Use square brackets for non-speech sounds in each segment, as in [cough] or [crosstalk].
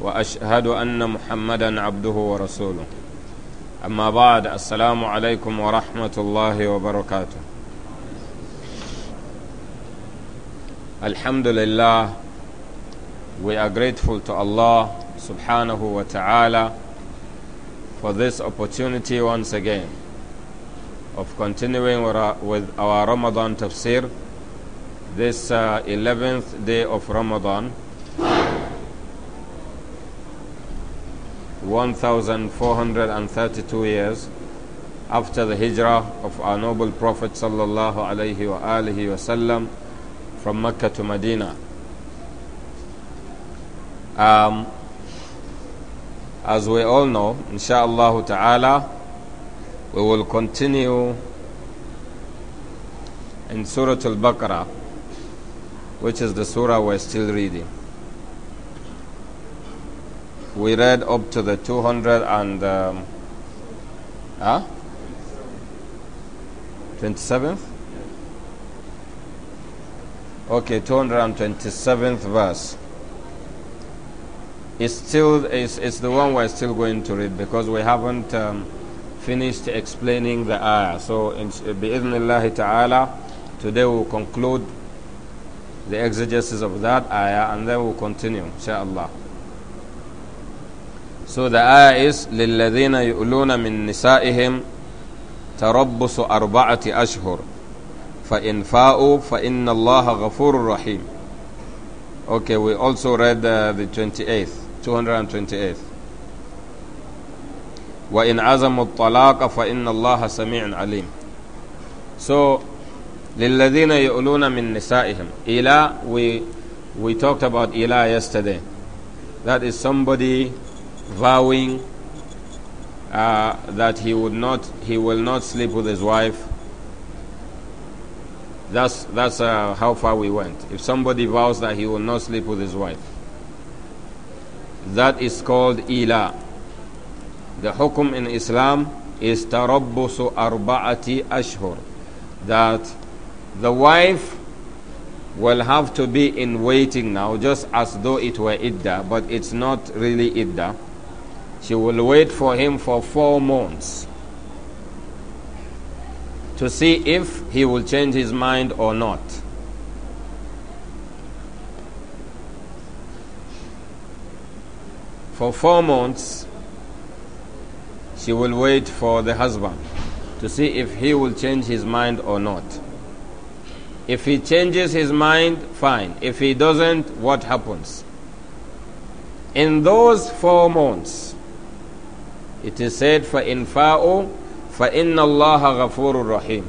واشهد ان محمدا عبده ورسوله اما بعد السلام عليكم ورحمه الله وبركاته alhamdulillah we are grateful to allah subhanahu wa ta'ala for this opportunity once again of continuing with our ramadan tafsir this uh, 11th day of ramadan 1432 years after the hijrah of our noble Prophet sallallahu alaihi wa alihi wasallam from Mecca to Medina. Um, as we all know, insha'Allah ta'ala, we will continue in Surah Al-Baqarah, which is the surah we're still reading. We read up to the 200 and. Um, huh? 27th? Okay, 227th verse. It's still it's, it's the one we're still going to read because we haven't um, finished explaining the ayah. So, in bi'idhnillahi ta'ala, today we'll conclude the exegesis of that ayah and then we'll continue, inshallah. So the ayah is لِلَّذِينَ يُؤْلُونَ مِن نِسَائِهِمْ تَرَبُّصُ أَرْبَعَةِ أَشْهُرٍ فَإِنْ فاؤوا فَإِنَّ اللَّهَ غَفُورٌ رَحِيمٌ Okay, we also read uh, the 28th, 228th. وَإِنْ عَزَمُوا الطَّلَاقَ فَإِنَّ اللَّهَ سَمِيعٌ عَلِيمٌ So, لِلَّذِينَ يُؤْلُونَ مِن نِسَائِهِمْ إِلَى we, we talked about إِلَى yesterday. That is somebody vowing uh, that he would not, he will not sleep with his wife. That's that's uh, how far we went. If somebody vows that he will not sleep with his wife, that is called ila. The hukum in Islam is tarabbusu arba'ati ashhur, that the wife will have to be in waiting now, just as though it were idda, but it's not really idda she will wait for him for four months to see if he will change his mind or not. For four months, she will wait for the husband to see if he will change his mind or not. If he changes his mind, fine. If he doesn't, what happens? In those four months, it is said, فَإِنْ for inna اللَّهَ غَفُورٌ رَحِيمٌ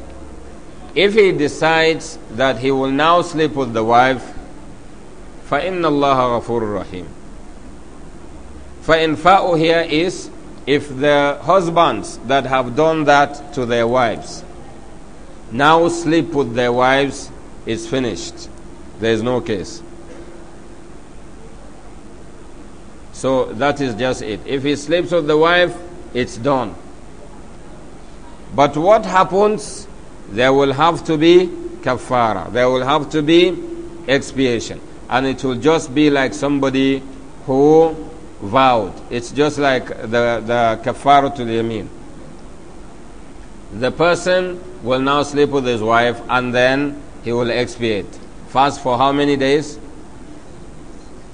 If he decides that he will now sleep with the wife, inna اللَّهَ غَفُورٌ رَحِيمٌ for فَاءُوا here is if the husbands that have done that to their wives now sleep with their wives, it's finished. There is no case. So that is just it. If he sleeps with the wife, it's done. But what happens? There will have to be kafara. There will have to be expiation. And it will just be like somebody who vowed. It's just like the, the kafara to the yameen. The person will now sleep with his wife and then he will expiate. Fast for how many days?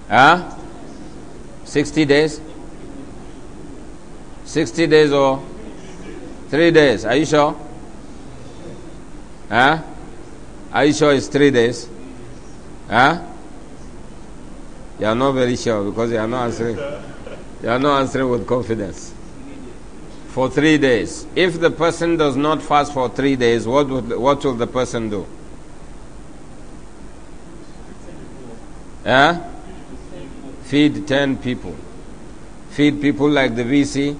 Huh? 60 days? 60 days or 3 days. Are you sure? Huh? Are you sure it's 3 days? Huh? You are not very sure because you are not answering. You are not answering with confidence. For 3 days. If the person does not fast for 3 days, what, would, what will the person do? Huh? Feed 10 people. Feed people like the VC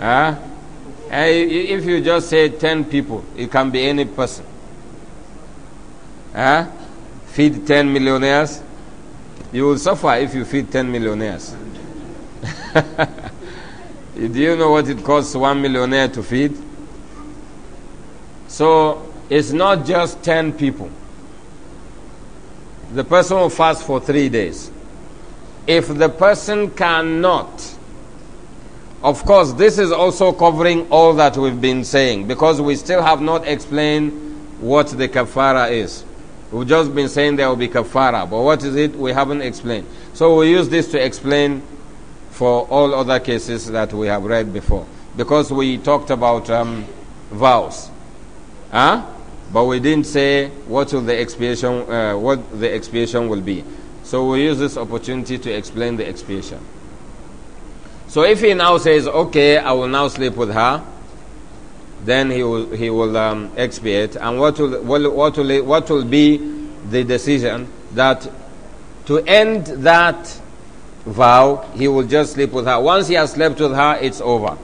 Huh? If you just say 10 people, it can be any person. Huh? Feed 10 millionaires, you will suffer if you feed 10 millionaires. [laughs] Do you know what it costs one millionaire to feed? So it's not just 10 people. The person will fast for three days. If the person cannot of course, this is also covering all that we've been saying because we still have not explained what the kafara is. We've just been saying there will be kafara, but what is it? We haven't explained. So we use this to explain for all other cases that we have read before because we talked about um, vows. Huh? But we didn't say what will the expiation, uh, what the expiation will be. So we use this opportunity to explain the expiation. So if he now says, okay, I will now sleep with her, then he will, he will um, expiate. And what will, what, will, what will be the decision? That to end that vow, he will just sleep with her. Once he has slept with her, it's over.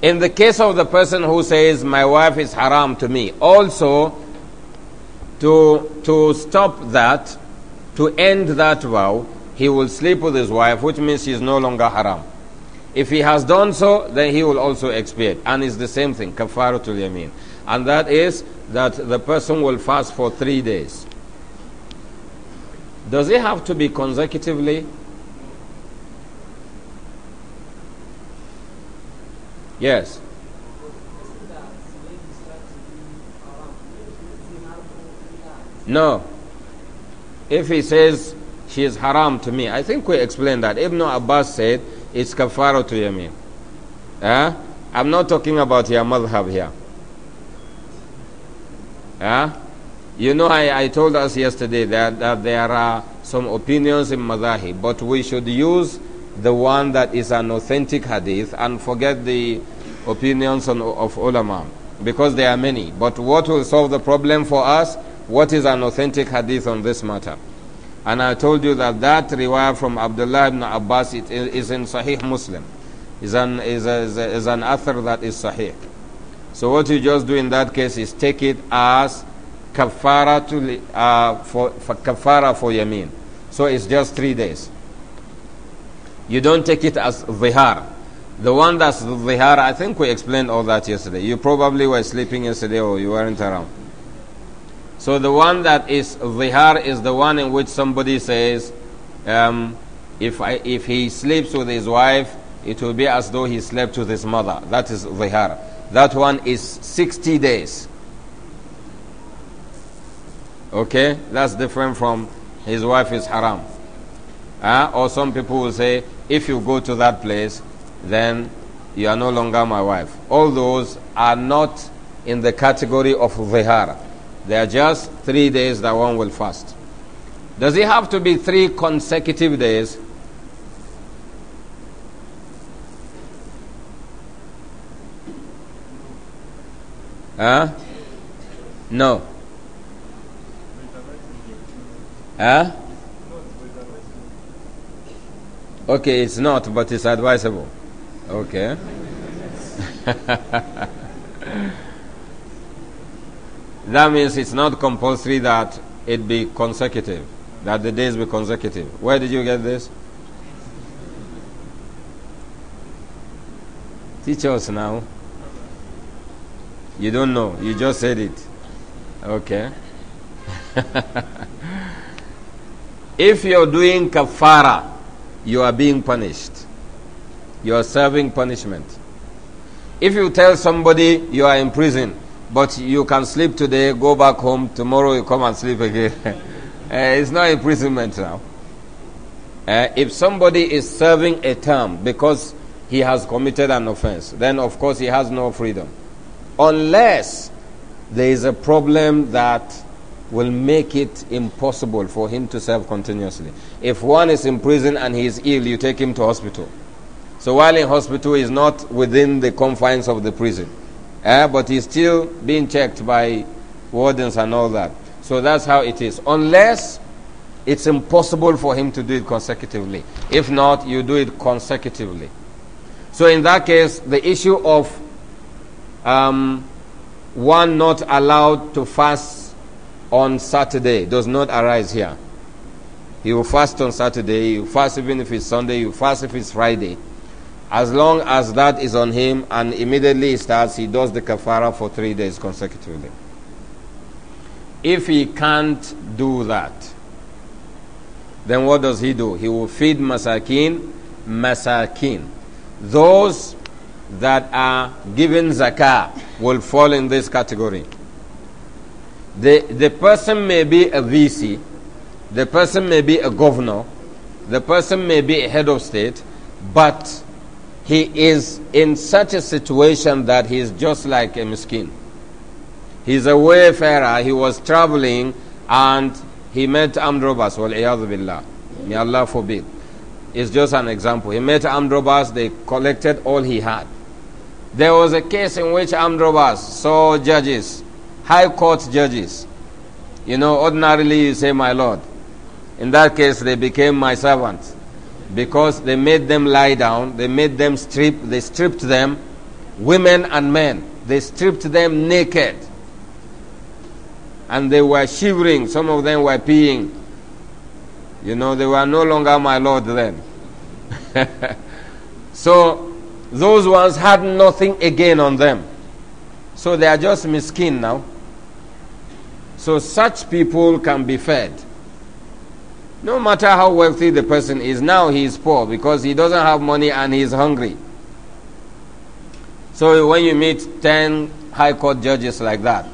In the case of the person who says, my wife is haram to me, also to, to stop that, to end that vow, he will sleep with his wife, which means she is no longer haram. If he has done so, then he will also expiate. And it's the same thing, kafaratul yameen. And that is that the person will fast for three days. Does it have to be consecutively? Yes. No. If he says she is haram to me, I think we explained that. Ibn Abbas said it's kafara to yameen. Eh? I'm not talking about your madhab here. Eh? You know, I, I told us yesterday that, that there are some opinions in madhahib, but we should use the one that is an authentic hadith and forget the opinions on, of ulama because there are many. But what will solve the problem for us? What is an authentic hadith on this matter? And I told you that that riwayah from Abdullah ibn Abbas it is in Sahih Muslim. Is an, is, a, is, a, is an author that is Sahih. So what you just do in that case is take it as kafara, to, uh, for, for kafara for yameen. So it's just three days. You don't take it as zihar. The one that's zihar, I think we explained all that yesterday. You probably were sleeping yesterday or you weren't around. So the one that is zihar is the one in which somebody says, um, if, I, if he sleeps with his wife, it will be as though he slept with his mother. That is zihar. That one is 60 days. Okay? That's different from his wife is haram. Uh, or some people will say, if you go to that place, then you are no longer my wife. All those are not in the category of zihar. There are just three days that one will fast. Does it have to be three consecutive days? Huh? No. Huh? Okay, it's not, but it's advisable. Okay. [laughs] That means it's not compulsory that it be consecutive, that the days be consecutive. Where did you get this? Teach us now. You don't know, you just said it. Okay. [laughs] if you're doing kafara, you are being punished. You are serving punishment. If you tell somebody you are in prison, but you can sleep today, go back home, tomorrow you come and sleep again. [laughs] Eh, it's not imprisonment now. Uh, if somebody is serving a term because he has committed an offense, then of course he has no freedom. Unless there is a problem that will make it impossible for him to serve continuously. If one is in prison and he is ill, you take him to hospital. So while in hospital, he is not within the confines of the prison. Eh, but he's still being checked by wardens and all that. So that's how it is. Unless it's impossible for him to do it consecutively. If not, you do it consecutively. So in that case, the issue of um, one not allowed to fast on Saturday does not arise here. He will fast on Saturday, you fast even if it's Sunday, you fast if it's Friday. As long as that is on him and immediately he starts, he does the kafara for three days consecutively. If he can't do that, then what does he do? He will feed masakin, masakin. Those that are given zakah will fall in this category. The, the person may be a VC, the person may be a governor, the person may be a head of state, but he is in such a situation that he is just like a miskin. He's a wayfarer, he was traveling and he met armed robbers. Billah. May Allah forbid. It's just an example. He met amdrobas. they collected all he had. There was a case in which amdrobas saw judges, high court judges. You know, ordinarily you say, My Lord. In that case, they became my servants because they made them lie down, they made them strip, they stripped them, women and men, they stripped them naked. And they were shivering, some of them were peeing. You know, they were no longer my Lord then. [laughs] so, those ones had nothing again on them. So, they are just miskin now. So, such people can be fed. No matter how wealthy the person is, now he is poor because he doesn't have money and he is hungry. So when you meet 10 high court judges like that,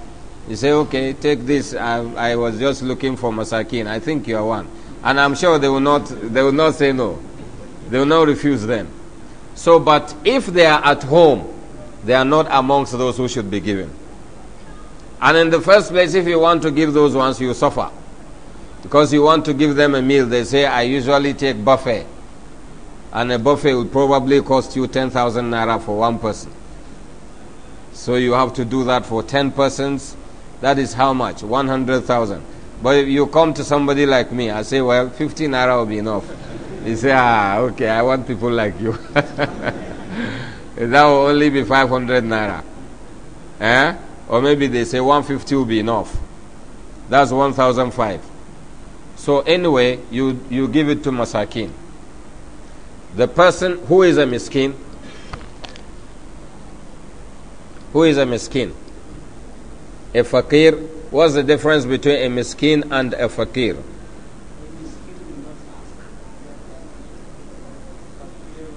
you say, okay, take this. I, I was just looking for masakin. I think you are one. And I'm sure they will not, they will not say no. They will not refuse them. So, but if they are at home, they are not amongst those who should be given. And in the first place, if you want to give those ones, you suffer. Because you want to give them a meal, they say, I usually take buffet. And a buffet will probably cost you 10,000 naira for one person. So you have to do that for 10 persons. That is how much? 100,000. But if you come to somebody like me, I say, well, 50 naira will be enough. He say, ah, okay, I want people like you. [laughs] that will only be 500 naira. Eh? Or maybe they say 150 will be enough. That's 1,005. So anyway, you, you give it to masakin. The person who is a miskin, who is a miskin? A fakir. What's the difference between a miskin and a fakir?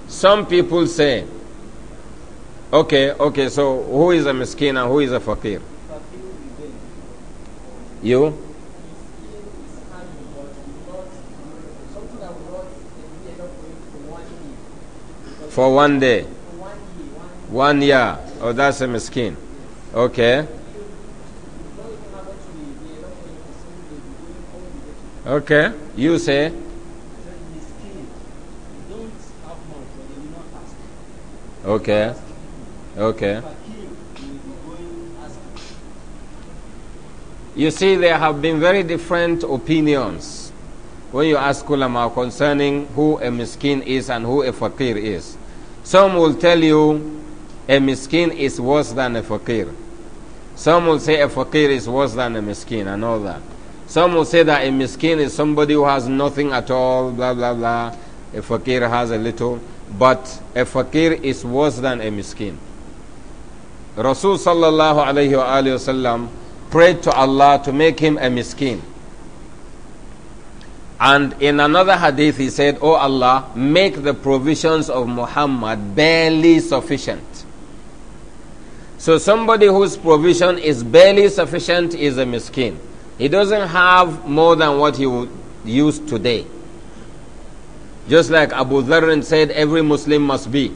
Some people say, okay, okay, so who is a miskin and who is a fakir? You? For one day. One year. Oh, that's a miskin. Okay. Okay. You say? Okay. Okay. You see, there have been very different opinions when you ask ulama concerning who a miskin is and who a fakir is. Some will tell you a miskin is worse than a fakir. Some will say a fakir is worse than a miskin and all that. Some will say that a miskin is somebody who has nothing at all, blah, blah, blah. A fakir has a little. But a fakir is worse than a miskin. Rasul sallallahu alayhi wa prayed to Allah to make him a miskin. And in another hadith, he said, O Allah, make the provisions of Muhammad barely sufficient. So somebody whose provision is barely sufficient is a miskin. He doesn't have more than what he would use today. Just like Abu Dharr said, every Muslim must be.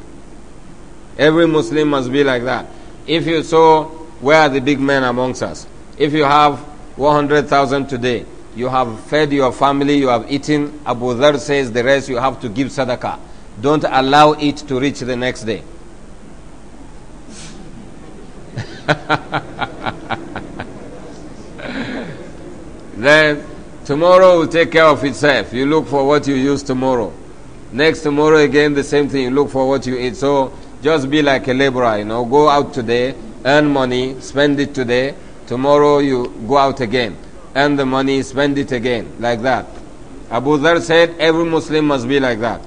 Every Muslim must be like that. If you saw, where are the big men amongst us? If you have 100,000 today, you have fed your family, you have eaten. Abu Dhar says the rest you have to give sadaqah. Don't allow it to reach the next day. [laughs] then tomorrow will take care of itself. You look for what you use tomorrow. Next tomorrow again the same thing. You look for what you eat. So just be like a laborer, you know. Go out today, earn money, spend it today. Tomorrow you go out again. And the money, spend it again, like that. Abu Dhar said, every Muslim must be like that.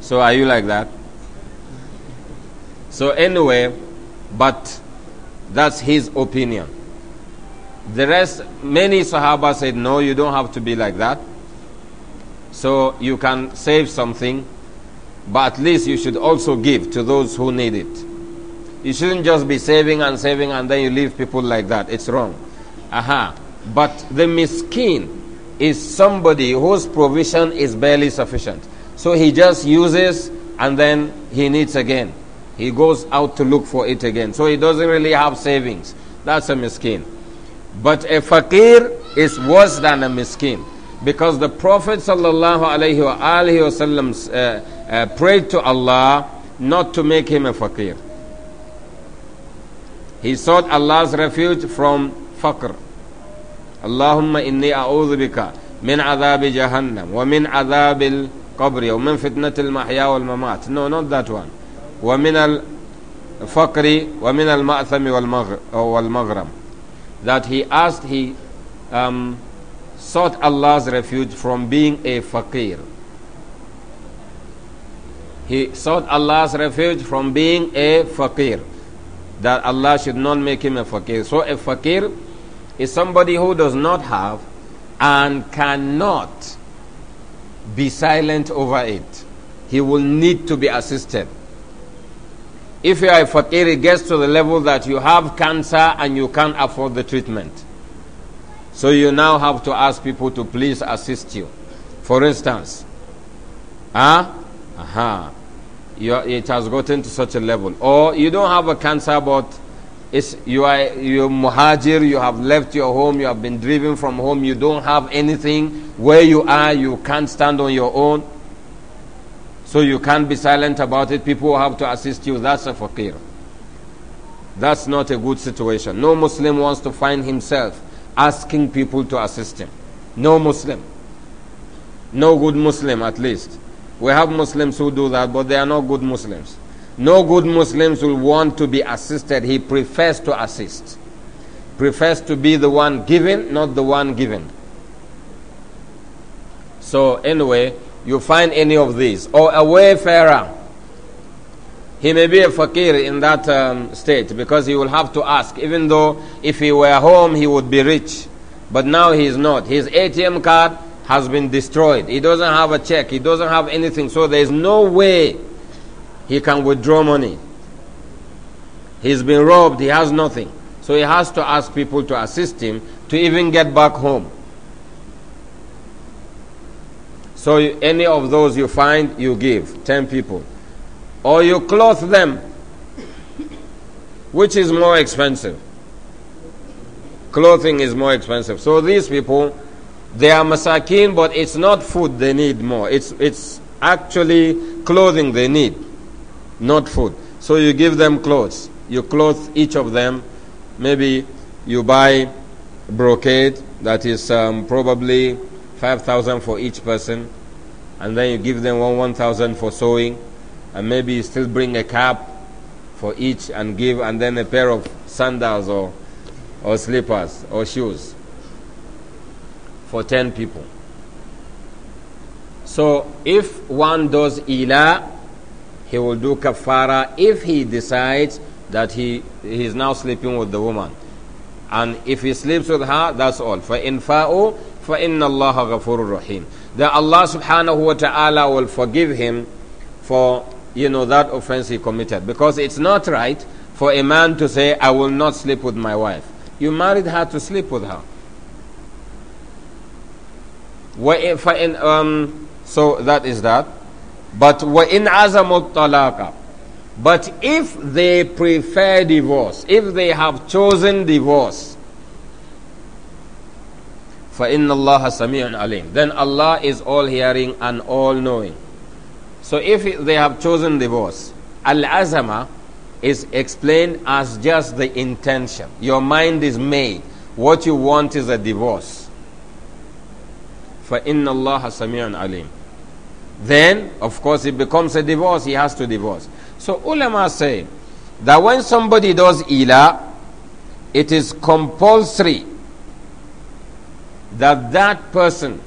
So are you like that? So anyway, but that's his opinion. The rest, many Sahaba said, no, you don't have to be like that. So you can save something, but at least you should also give to those who need it. You shouldn't just be saving and saving and then you leave people like that. It's wrong. Aha. But the miskin is somebody whose provision is barely sufficient. So he just uses and then he needs again. He goes out to look for it again. So he doesn't really have savings. That's a miskin. But a fakir is worse than a miskin. Because the Prophet sallallahu uh, uh, prayed to Allah not to make him a fakir. He sought Allah's refuge from فقر اللهم إني أعوذ بك من عذاب جهنم ومن عذاب القبر ومن فتنة المحيا والممات no not that one ومن الفقر ومن المأثم والمغرم that he asked he um, sought Allah's refuge from being a fakir he sought Allah's refuge from being a fakir that Allah should not make him a fakir so a fakir is somebody who does not have and cannot be silent over it. He will need to be assisted. If you are a fakir, it gets to the level that you have cancer and you can't afford the treatment. So you now have to ask people to please assist you. For instance, ah, huh? uh -huh. it has gotten to such a level. Or you don't have a cancer, but is you are you muhajir, you have left your home, you have been driven from home, you don't have anything. Where you are, you can't stand on your own. So you can't be silent about it. People have to assist you. That's a fakir. That's not a good situation. No Muslim wants to find himself asking people to assist him. No Muslim. No good Muslim, at least. We have Muslims who do that, but they are not good Muslims. No good Muslims will want to be assisted. He prefers to assist, prefers to be the one giving, not the one given. So, anyway, you find any of these. Or a wayfarer. He may be a fakir in that um, state because he will have to ask, even though if he were home, he would be rich. But now he is not. His ATM card has been destroyed. He doesn't have a check. He doesn't have anything. So there is no way he can withdraw money. He's been robbed, he has nothing. So he has to ask people to assist him to even get back home. So you, any of those you find, you give 10 people. Or you clothe them. Which is more expensive? Clothing is more expensive. So these people, they are masakin, but it's not food they need more. It's, it's actually clothing they need not food. So you give them clothes. You clothe each of them. Maybe you buy brocade that is um, probably 5,000 for each person, and then you give them one 1,000 for sewing, and maybe you still bring a cap for each and give, and then a pair of sandals or, or slippers or shoes for 10 people. So if one does ila, he will do kafara if he decides that he, he is now sleeping with the woman. And if he sleeps with her, that's all. فَإِنْ فَاءُوا فَإِنَّ اللَّهَ غَفُورٌ رَحِيمٌ That Allah subhanahu wa ta'ala will forgive him for, you know, that offense he committed. Because it's not right for a man to say, I will not sleep with my wife. You married her to sleep with her. Um, so that is that. But in عَزَمُوا الطَّلَاقَ But if they prefer divorce, if they have chosen divorce, فَإِنَّ اللَّهَ سَمِيعٌ عَلِيمٌ Then Allah is all-hearing and all-knowing. So if they have chosen divorce, Al-Azama is explained as just the intention. Your mind is made. What you want is a divorce. فَإِنَّ اللَّهَ سَمِيعٌ عَلِيمٌ then of course it becomes a divorce, he has to divorce. So ulama say that when somebody does ila, it is compulsory that that person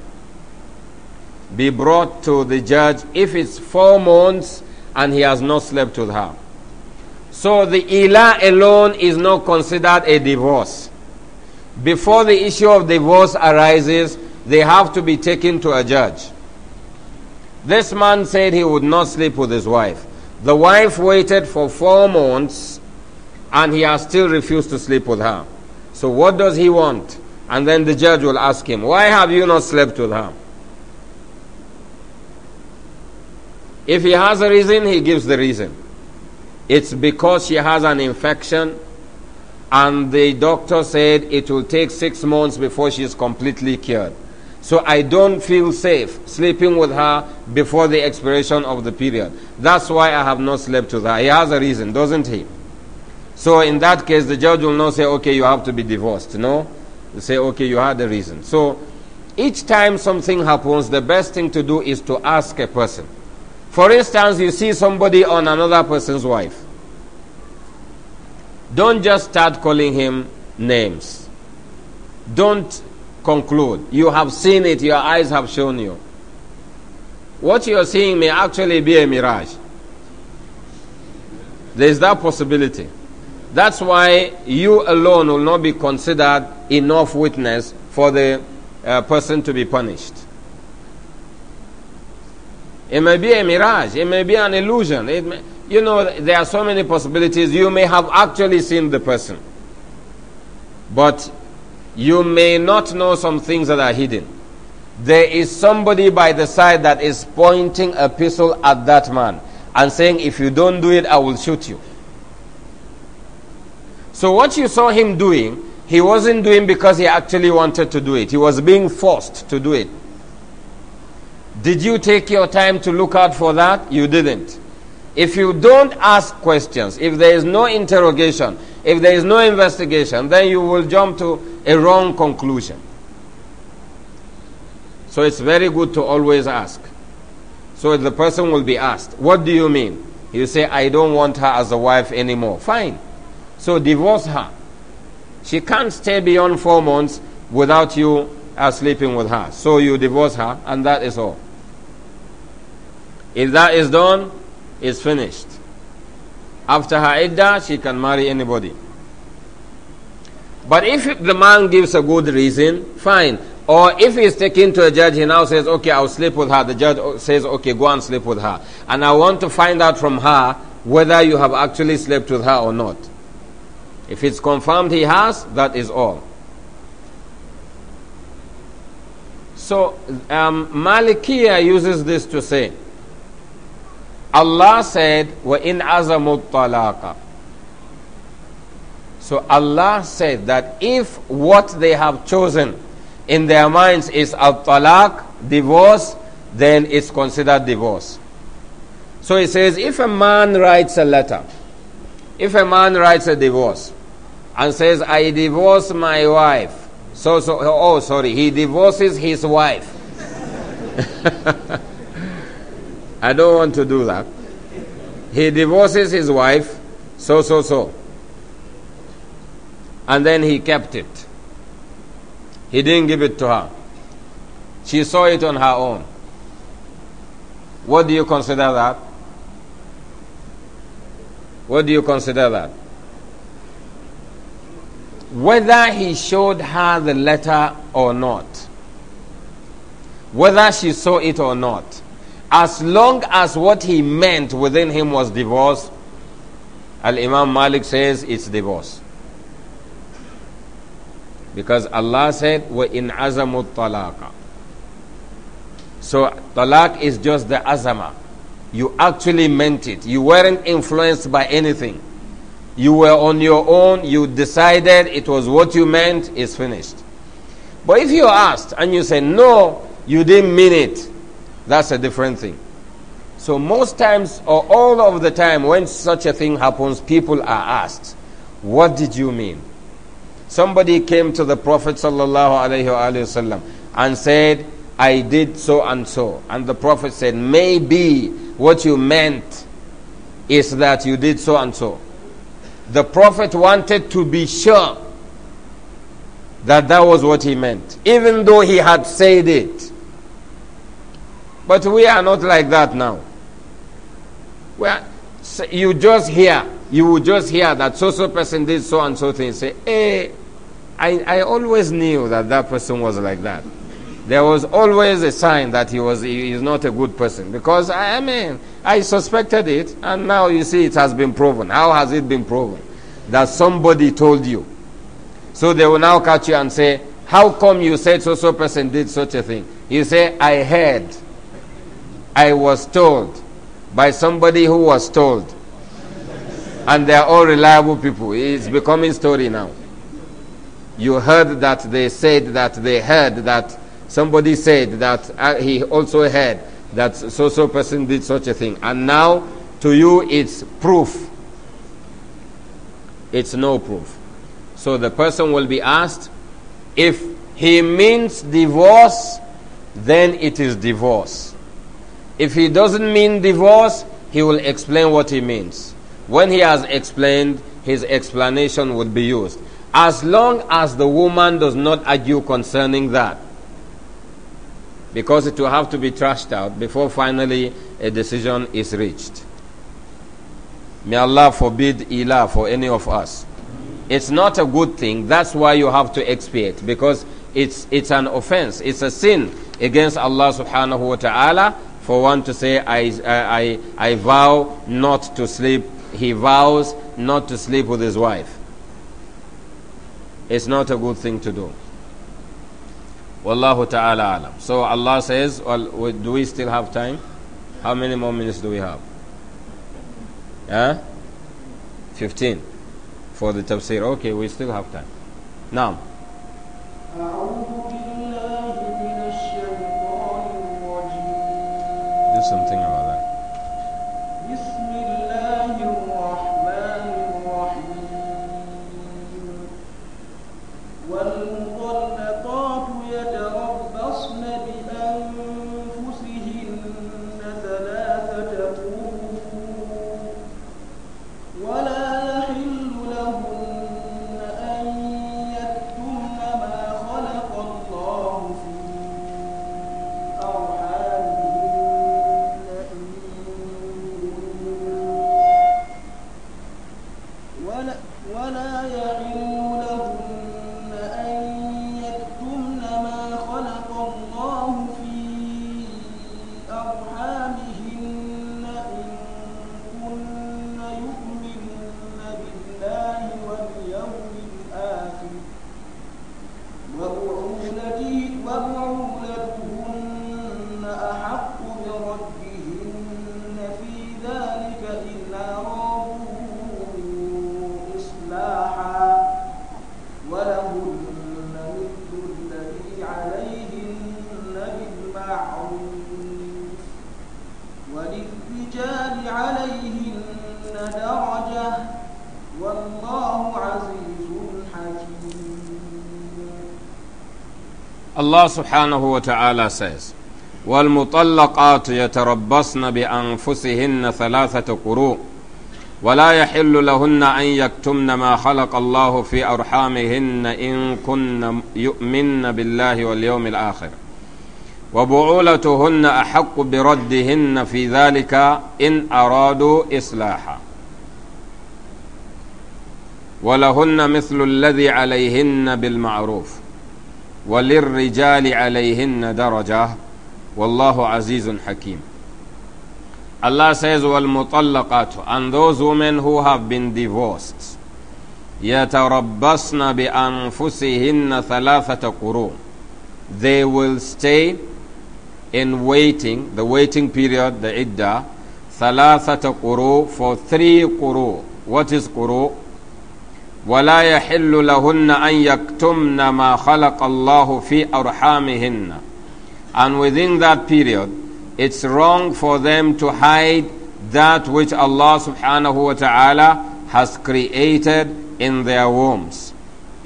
be brought to the judge if it's four months and he has not slept with her. So the ila alone is not considered a divorce. Before the issue of divorce arises, they have to be taken to a judge. This man said he would not sleep with his wife. The wife waited for four months and he has still refused to sleep with her. So, what does he want? And then the judge will ask him, Why have you not slept with her? If he has a reason, he gives the reason. It's because she has an infection, and the doctor said it will take six months before she is completely cured. So I don't feel safe sleeping with her before the expiration of the period. That's why I have not slept with her. He has a reason, doesn't he? So in that case, the judge will not say, okay, you have to be divorced. No. say, okay, you had a reason. So each time something happens, the best thing to do is to ask a person. For instance, you see somebody on another person's wife. Don't just start calling him names. Don't conclude. You have seen it, your eyes have shown you. What you're seeing may actually be a mirage. There is that possibility. That's why you alone will not be considered enough witness for the uh, person to be punished. It may be a mirage, it may be an illusion. It may, you know, there are so many possibilities. You may have actually seen the person. But you may not know some things that are hidden. There is somebody by the side that is pointing a pistol at that man and saying, If you don't do it, I will shoot you. So, what you saw him doing, he wasn't doing because he actually wanted to do it, he was being forced to do it. Did you take your time to look out for that? You didn't. If you don't ask questions, if there is no interrogation, if there is no investigation, then you will jump to a wrong conclusion. So it's very good to always ask. So the person will be asked, What do you mean? You say, I don't want her as a wife anymore. Fine. So divorce her. She can't stay beyond four months without you Are uh, sleeping with her. So you divorce her, and that is all. If that is done, it's finished. After her idda, she can marry anybody. But if the man gives a good reason, fine. Or if he's taken to a judge, he now says, okay, I'll sleep with her. The judge says, okay, go and sleep with her. And I want to find out from her whether you have actually slept with her or not. If it's confirmed he has, that is all. So um, Malikiya uses this to say, Allah said, وَإِنْ عَزَمُوا الطَّلَاقَ so Allah said that if what they have chosen in their minds is al talaq, divorce, then it's considered divorce. So he says if a man writes a letter, if a man writes a divorce and says, I divorce my wife, so, so, oh, sorry, he divorces his wife. [laughs] I don't want to do that. He divorces his wife, so, so, so and then he kept it. He didn't give it to her. She saw it on her own. What do you consider that? What do you consider that? Whether he showed her the letter or not, whether she saw it or not, as long as what he meant within him was divorce, Al Imam Malik says it's divorce. Because Allah said, in azamut talak." So talaq is just the azama. You actually meant it. You weren't influenced by anything. You were on your own. You decided it was what you meant. It's finished. But if you asked and you say, no, you didn't mean it, that's a different thing. So most times or all of the time when such a thing happens, people are asked, what did you mean? Somebody came to the Prophet and said, I did so and so. And the Prophet said, Maybe what you meant is that you did so and so. The Prophet wanted to be sure that that was what he meant, even though he had said it. But we are not like that now. Well, so you just hear, you will just hear that so so person did so and so thing. Say, hey, eh, I, I always knew that that person was like that. There was always a sign that he was he is not a good person because I, I mean I suspected it and now you see it has been proven. How has it been proven? That somebody told you. So they will now catch you and say, How come you said so so person did such a thing? You say, I heard. I was told by somebody who was told. And they are all reliable people. It's becoming story now. You heard that they said that they heard that somebody said that uh, he also heard that so so person did such a thing. And now to you it's proof. It's no proof. So the person will be asked if he means divorce, then it is divorce. If he doesn't mean divorce, he will explain what he means. When he has explained, his explanation would be used as long as the woman does not argue concerning that. Because it will have to be trashed out before finally a decision is reached. May Allah forbid ilah for any of us. It's not a good thing. That's why you have to expiate because it's, it's an offense. It's a sin against Allah subhanahu wa ta'ala for one to say, I, I, I vow not to sleep. He vows not to sleep with his wife is not a good thing to do. Wallahu ta'ala alam. So Allah says, well, do we still have time? How many more minutes do we have? Yeah, 15 for the tafsir. Okay, we still have time. Now. سبحانه وتعالى سيس says, وَالْمُطَلَّقَاتُ يَتَرَبَّصْنَ بِأَنفُسِهِنَّ ثَلَاثَةَ قُرُوءٍ ولا يحل لهن أن يكتمن ما خلق الله في أرحامهن إن كن يؤمن بالله واليوم الآخر وبعولتهن أحق بردهن في ذلك إن أرادوا إصلاحا ولهن مثل الذي عليهن بالمعروف وللرجال عليهن درجة والله عزيز حكيم Allah says والمطلقات and those women who have been divorced يتربصن بأنفسهن ثلاثة قروء they will stay in waiting the waiting period the idda ثلاثة قروء for three قروء what is قروء ولا يحل لهن أن يكتمن ما خلق الله في أرحامهن and within that period it's wrong for them to hide that which Allah subhanahu wa ta'ala has created in their wombs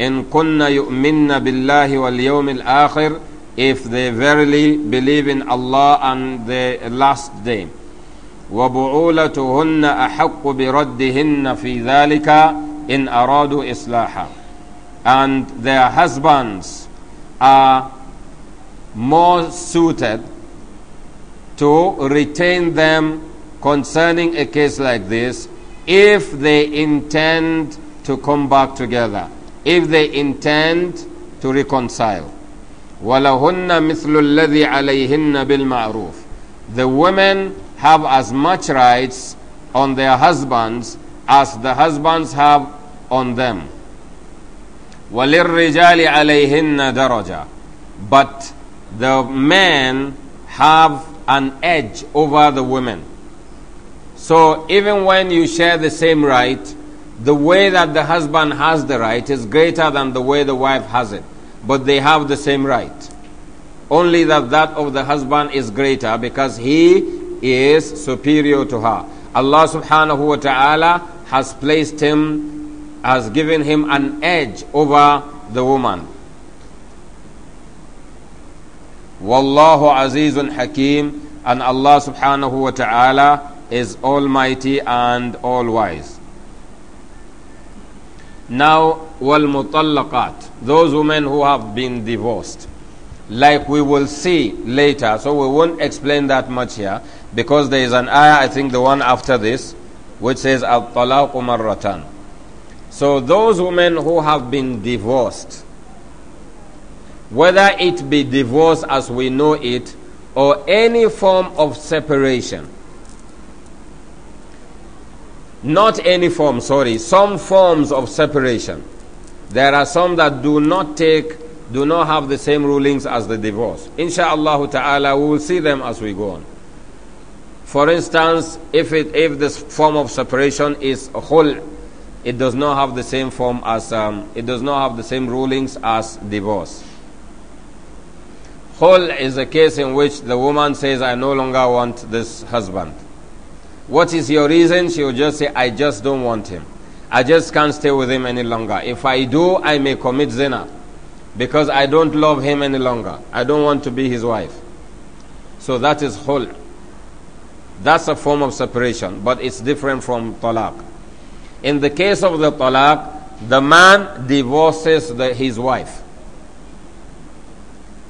إن كن يؤمن بالله واليوم الآخر if they verily believe in Allah and the last day وبعولتهن أحق بردهن في ذلك in aradu islaha and their husbands are more suited to retain them concerning a case like this if they intend to come back together, if they intend to reconcile. وَلَهُنَّ مِثْلُ الَّذِي عَلَيْهِنَّ بِالْمَعْرُوفِ The women have as much rights on their husbands as the husbands have on them. وَلِلرِّجَالِ عَلَيْهِنَّ دَرَجَةً But the men have an edge over the women. So even when you share the same right, the way that the husband has the right is greater than the way the wife has it. But they have the same right. Only that that of the husband is greater because he is superior to her. Allah subhanahu wa ta'ala has placed him has given him an edge over the woman. Wallahu Azizun Hakim, and Allah subhanahu wa ta'ala is almighty and all wise. Now, wal mutallaqat, those women who have been divorced, like we will see later, so we won't explain that much here because there is an ayah, I think the one after this, which says al talaqu marratan. So those women who have been divorced, whether it be divorce as we know it or any form of separation, not any form, sorry, some forms of separation. There are some that do not take, do not have the same rulings as the divorce. Insha'Allah ta'ala, we will see them as we go on. For instance, if, it, if this form of separation is khul, it does not have the same form as, um, it does not have the same rulings as divorce. Khul is a case in which the woman says, I no longer want this husband. What is your reason? She will just say, I just don't want him. I just can't stay with him any longer. If I do, I may commit zina because I don't love him any longer. I don't want to be his wife. So that is khul. That's a form of separation, but it's different from talaq. In the case of the talaq, the man divorces the, his wife.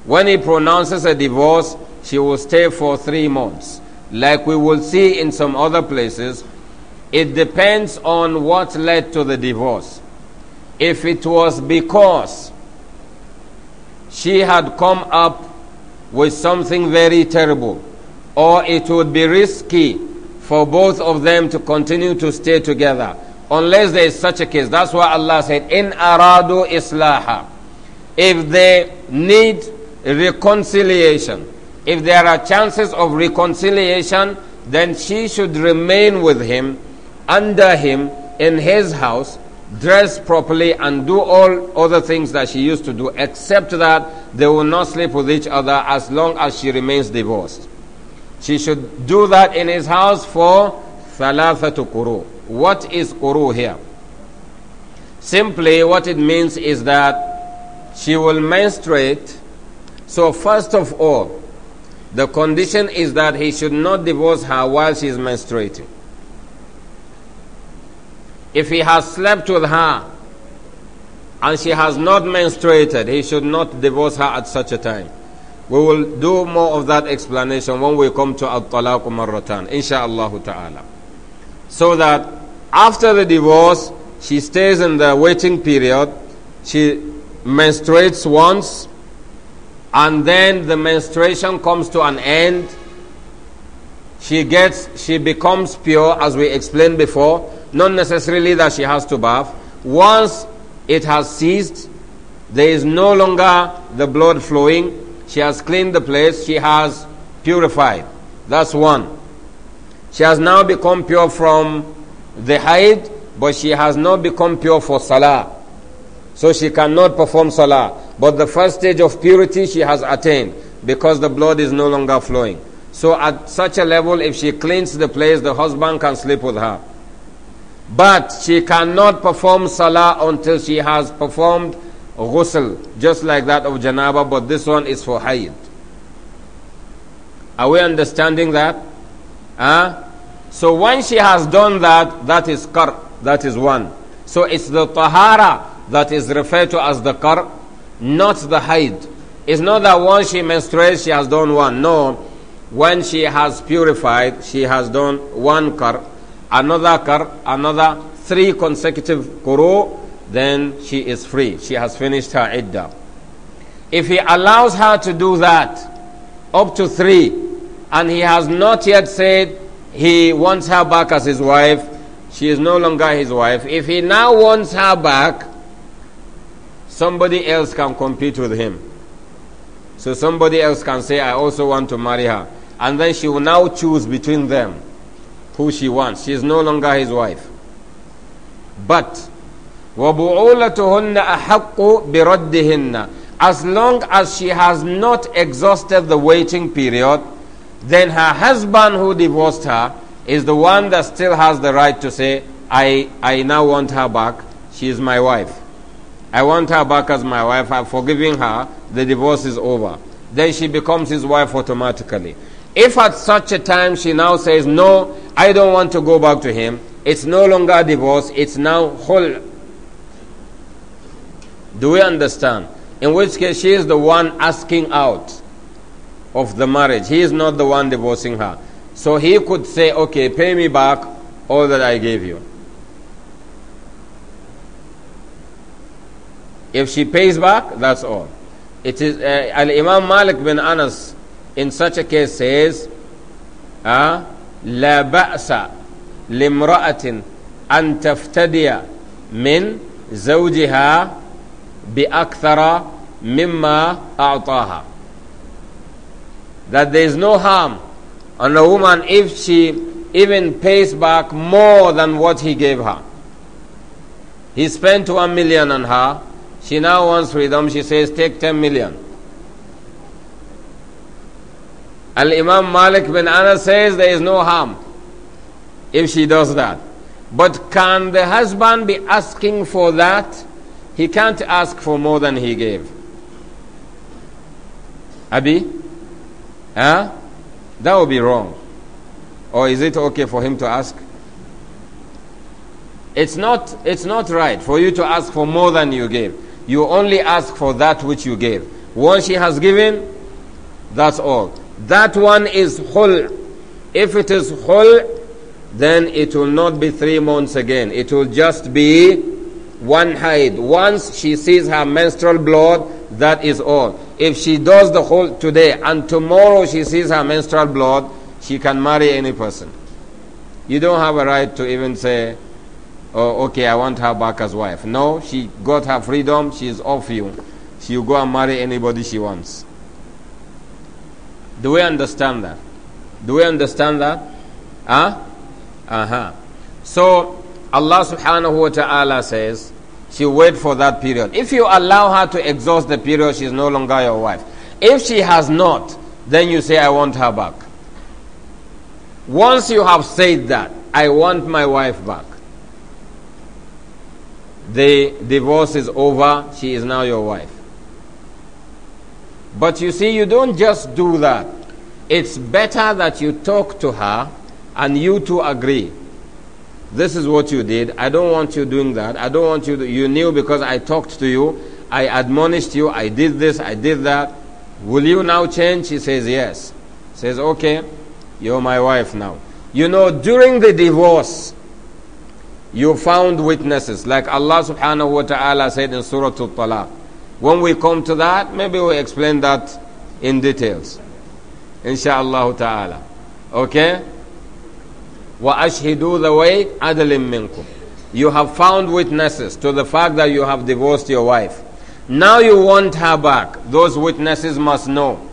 When he pronounces a divorce, she will stay for three months. Like we will see in some other places, it depends on what led to the divorce. If it was because she had come up with something very terrible, or it would be risky for both of them to continue to stay together. Unless there is such a case. That's why Allah said, In aradu islaha. If they need reconciliation, if there are chances of reconciliation, then she should remain with him, under him, in his house, dress properly, and do all other things that she used to do, except that they will not sleep with each other as long as she remains divorced. She should do that in his house for ثلاثة قروء what is quru here? Simply, what it means is that she will menstruate. So, first of all, the condition is that he should not divorce her while she is menstruating. If he has slept with her and she has not menstruated, he should not divorce her at such a time. We will do more of that explanation when we come to Al-Talaq Marratan, insha'Allah ta'ala so that after the divorce, she stays in the waiting period, she menstruates once, and then the menstruation comes to an end. She gets, she becomes pure, as we explained before, not necessarily that she has to bath. Once it has ceased, there is no longer the blood flowing. She has cleaned the place, she has purified. That's one. She has now become pure from the Haid, but she has not become pure for Salah. So she cannot perform Salah. But the first stage of purity she has attained because the blood is no longer flowing. So at such a level, if she cleans the place, the husband can sleep with her. But she cannot perform Salah until she has performed ghusl, just like that of Janaba, but this one is for Hayd. Are we understanding that? Huh? So when she has done that, that is qar, that is one. So it's the tahara that is referred to as the qar, not the haid. It's not that once she menstruates, she has done one. No, when she has purified, she has done one qar, another qar, another three consecutive quru, then she is free. She has finished her iddah. If he allows her to do that, up to three, and he has not yet said he wants her back as his wife, she is no longer his wife. If he now wants her back, somebody else can compete with him. So somebody else can say, I also want to marry her. And then she will now choose between them who she wants. She is no longer his wife. But, As long as she has not exhausted the waiting period, then her husband who divorced her is the one that still has the right to say, I, I now want her back. She is my wife. I want her back as my wife. I'm forgiving her. The divorce is over. Then she becomes his wife automatically. If at such a time she now says, No, I don't want to go back to him, it's no longer a divorce, it's now whole. Do we understand? In which case, she is the one asking out of the marriage. He is not the one divorcing her. So he could say, okay, pay me back all that I gave you. If she pays back, that's all. It is uh, Al Imam Malik bin Anas in such a case says, uh, لا بأس لامرأة أن تفتدي من زوجها بأكثر مما أعطاها that there is no harm on a woman if she even pays back more than what he gave her. He spent one million on her. She now wants freedom. She says, take ten million. Al Imam Malik bin Anas says there is no harm if she does that. But can the husband be asking for that? He can't ask for more than he gave. Abi? Huh? That would be wrong. Or is it okay for him to ask? It's not, it's not right for you to ask for more than you gave. You only ask for that which you gave. Once she has given, that's all. That one is khul. If it is khul, then it will not be three months again. It will just be one hide. Once she sees her menstrual blood, that is all. If she does the whole today and tomorrow she sees her menstrual blood, she can marry any person. You don't have a right to even say, oh, okay, I want her back as wife. No, she got her freedom, she's off you. She'll go and marry anybody she wants. Do we understand that? Do we understand that? Huh? Uh huh. So, Allah subhanahu wa ta'ala says, she wait for that period. If you allow her to exhaust the period, she's no longer your wife. If she has not, then you say, I want her back. Once you have said that, I want my wife back, the divorce is over, she is now your wife. But you see, you don't just do that. It's better that you talk to her and you two agree. This is what you did. I don't want you doing that. I don't want you. you knew because I talked to you. I admonished you. I did this. I did that. Will you now change? He says, Yes. He says, Okay, you're my wife now. You know, during the divorce, you found witnesses. Like Allah subhanahu wa ta'ala said in Surah Al Talaq. When we come to that, maybe we explain that in details. Inshallah ta'ala. Okay? وَأَشْهِدُوا the way عَدْلٍ مِّنْكُمْ You have found witnesses to the fact that you have divorced your wife. Now you want her back. Those witnesses must know.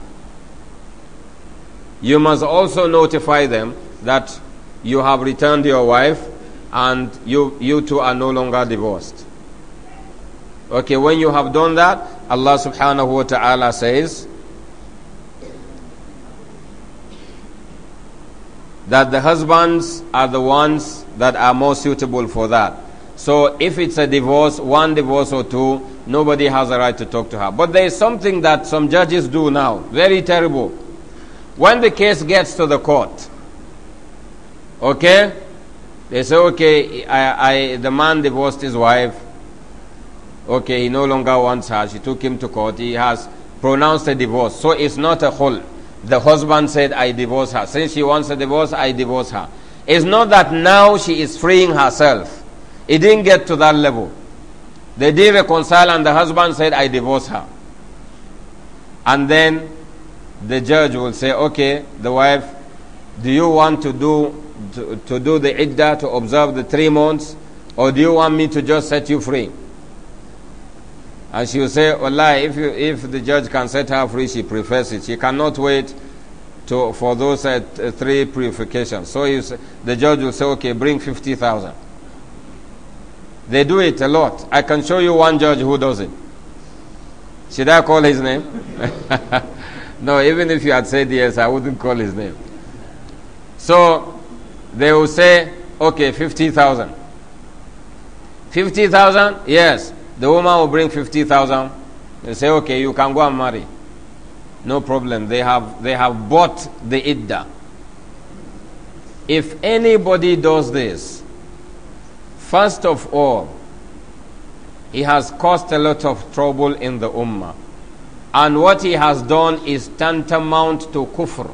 You must also notify them that you have returned your wife and you, you two are no longer divorced. Okay, when you have done that, Allah subhanahu wa ta'ala says, that the husbands are the ones that are more suitable for that. So if it's a divorce, one divorce or two, nobody has a right to talk to her. But there is something that some judges do now, very terrible. When the case gets to the court, okay, they say, okay, I, I, the man divorced his wife. Okay, he no longer wants her. She took him to court. He has pronounced a divorce. So it's not a khul. The husband said, I divorce her. Since she wants a divorce, I divorce her. It's not that now she is freeing herself. It didn't get to that level. They did reconcile, and the husband said, I divorce her. And then the judge will say, Okay, the wife, do you want to do to, to do the iddah, to observe the three months, or do you want me to just set you free? And she will say, Allah, if, you, if the judge can set her free, she prefers it. She cannot wait to, for those uh, uh three purifications. So you, the judge will say, okay, bring 50,000. They do it a lot. I can show you one judge who does it. Should I call his name? [laughs] no, even if you had said yes, I wouldn't call his name. So they will say, okay, 50,000. 50,000? Yes. The woman will bring 50,000. They say, okay, you can go and marry. No problem. They have, they have bought the idda. If anybody does this, first of all, he has caused a lot of trouble in the ummah. And what he has done is tantamount to kufr.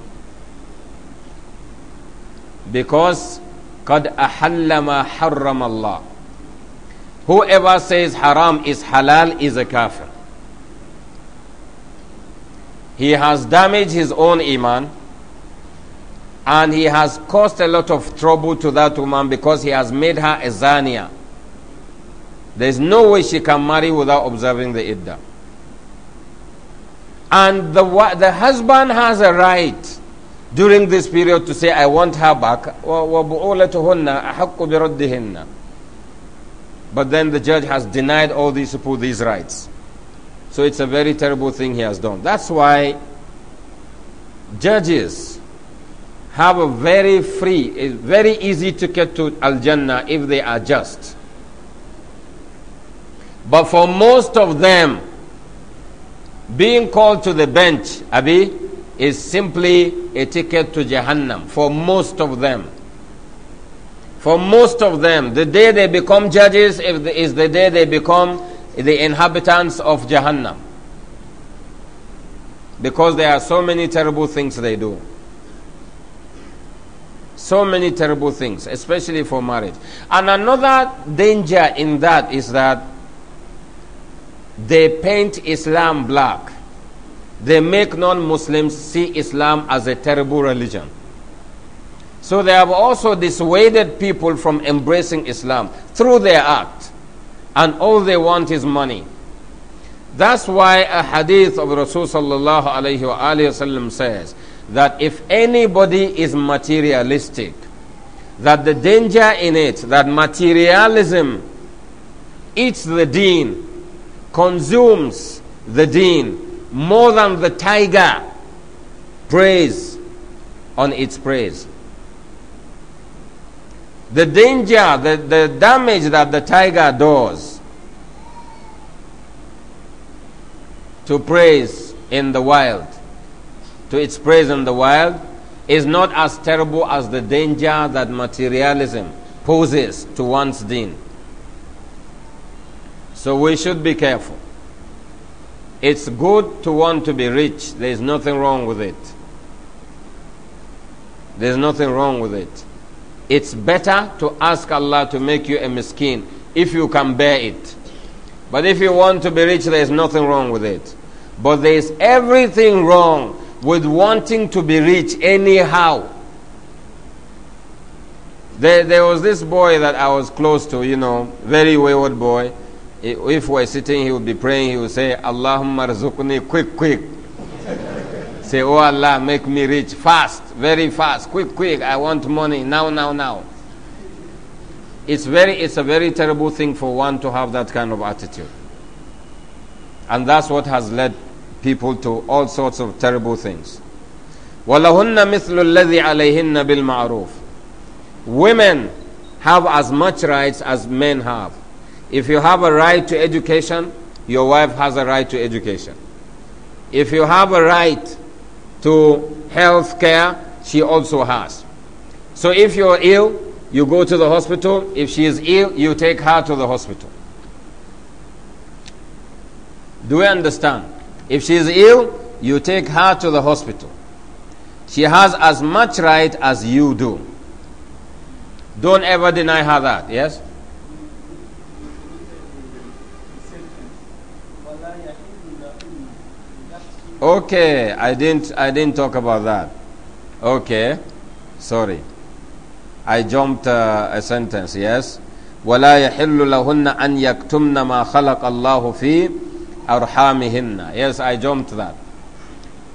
Because قد أحل ما حرم الله Whoever says haram is halal is a kafir. He has damaged his own iman and he has caused a lot of trouble to that woman because he has made her a zania. There is no way she can marry without observing the iddah. And the, the husband has a right during this period to say, I want her back. But then the judge has denied all these people these rights. So it's a very terrible thing he has done. That's why judges have a very free, a eh, very easy ticket to Al Jannah if they are just. But for most of them, being called to the bench, Abi, is simply a ticket to Jahannam for most of them. For most of them, the day they become judges is the day they become the inhabitants of Jahannam. Because there are so many terrible things they do. So many terrible things, especially for marriage. And another danger in that is that they paint Islam black. They make non Muslims see Islam as a terrible religion. So they have also dissuaded people from embracing Islam through their act. And all they want is money. That's why a hadith of Rasulullah sallallahu says that if anybody is materialistic, that the danger in it, that materialism eats the deen, consumes the deen more than the tiger preys on its praise the danger, the, the damage that the tiger does to praise in the wild, to its praise in the wild, is not as terrible as the danger that materialism poses to one's deen. So we should be careful. It's good to want to be rich. There is nothing wrong with it. There's nothing wrong with it. It's better to ask Allah to make you a miskin if you can bear it. But if you want to be rich, there is nothing wrong with it. But there is everything wrong with wanting to be rich anyhow. There, there was this boy that I was close to, you know, very wayward boy. If we're sitting, he would be praying, he would say, Allahumma rizukni, quick, quick. Say, Oh Allah, make me rich fast, very fast, quick, quick. I want money now, now, now. It's, very, it's a very terrible thing for one to have that kind of attitude. And that's what has led people to all sorts of terrible things. Women have as much rights as men have. If you have a right to education, your wife has a right to education. If you have a right to health care, she also has. So if you're ill, you go to the hospital. If she is ill, you take her to the hospital. Do we understand? If she is ill, you take her to the hospital. She has as much right as you do. Don't ever deny her that, yes? Okay, I didn't I didn't talk about that. Okay, sorry. I jumped uh, a sentence. Yes. ولا يحل لهن أن يكتمن ما خلق الله في أرحامهن. Yes, I jumped that.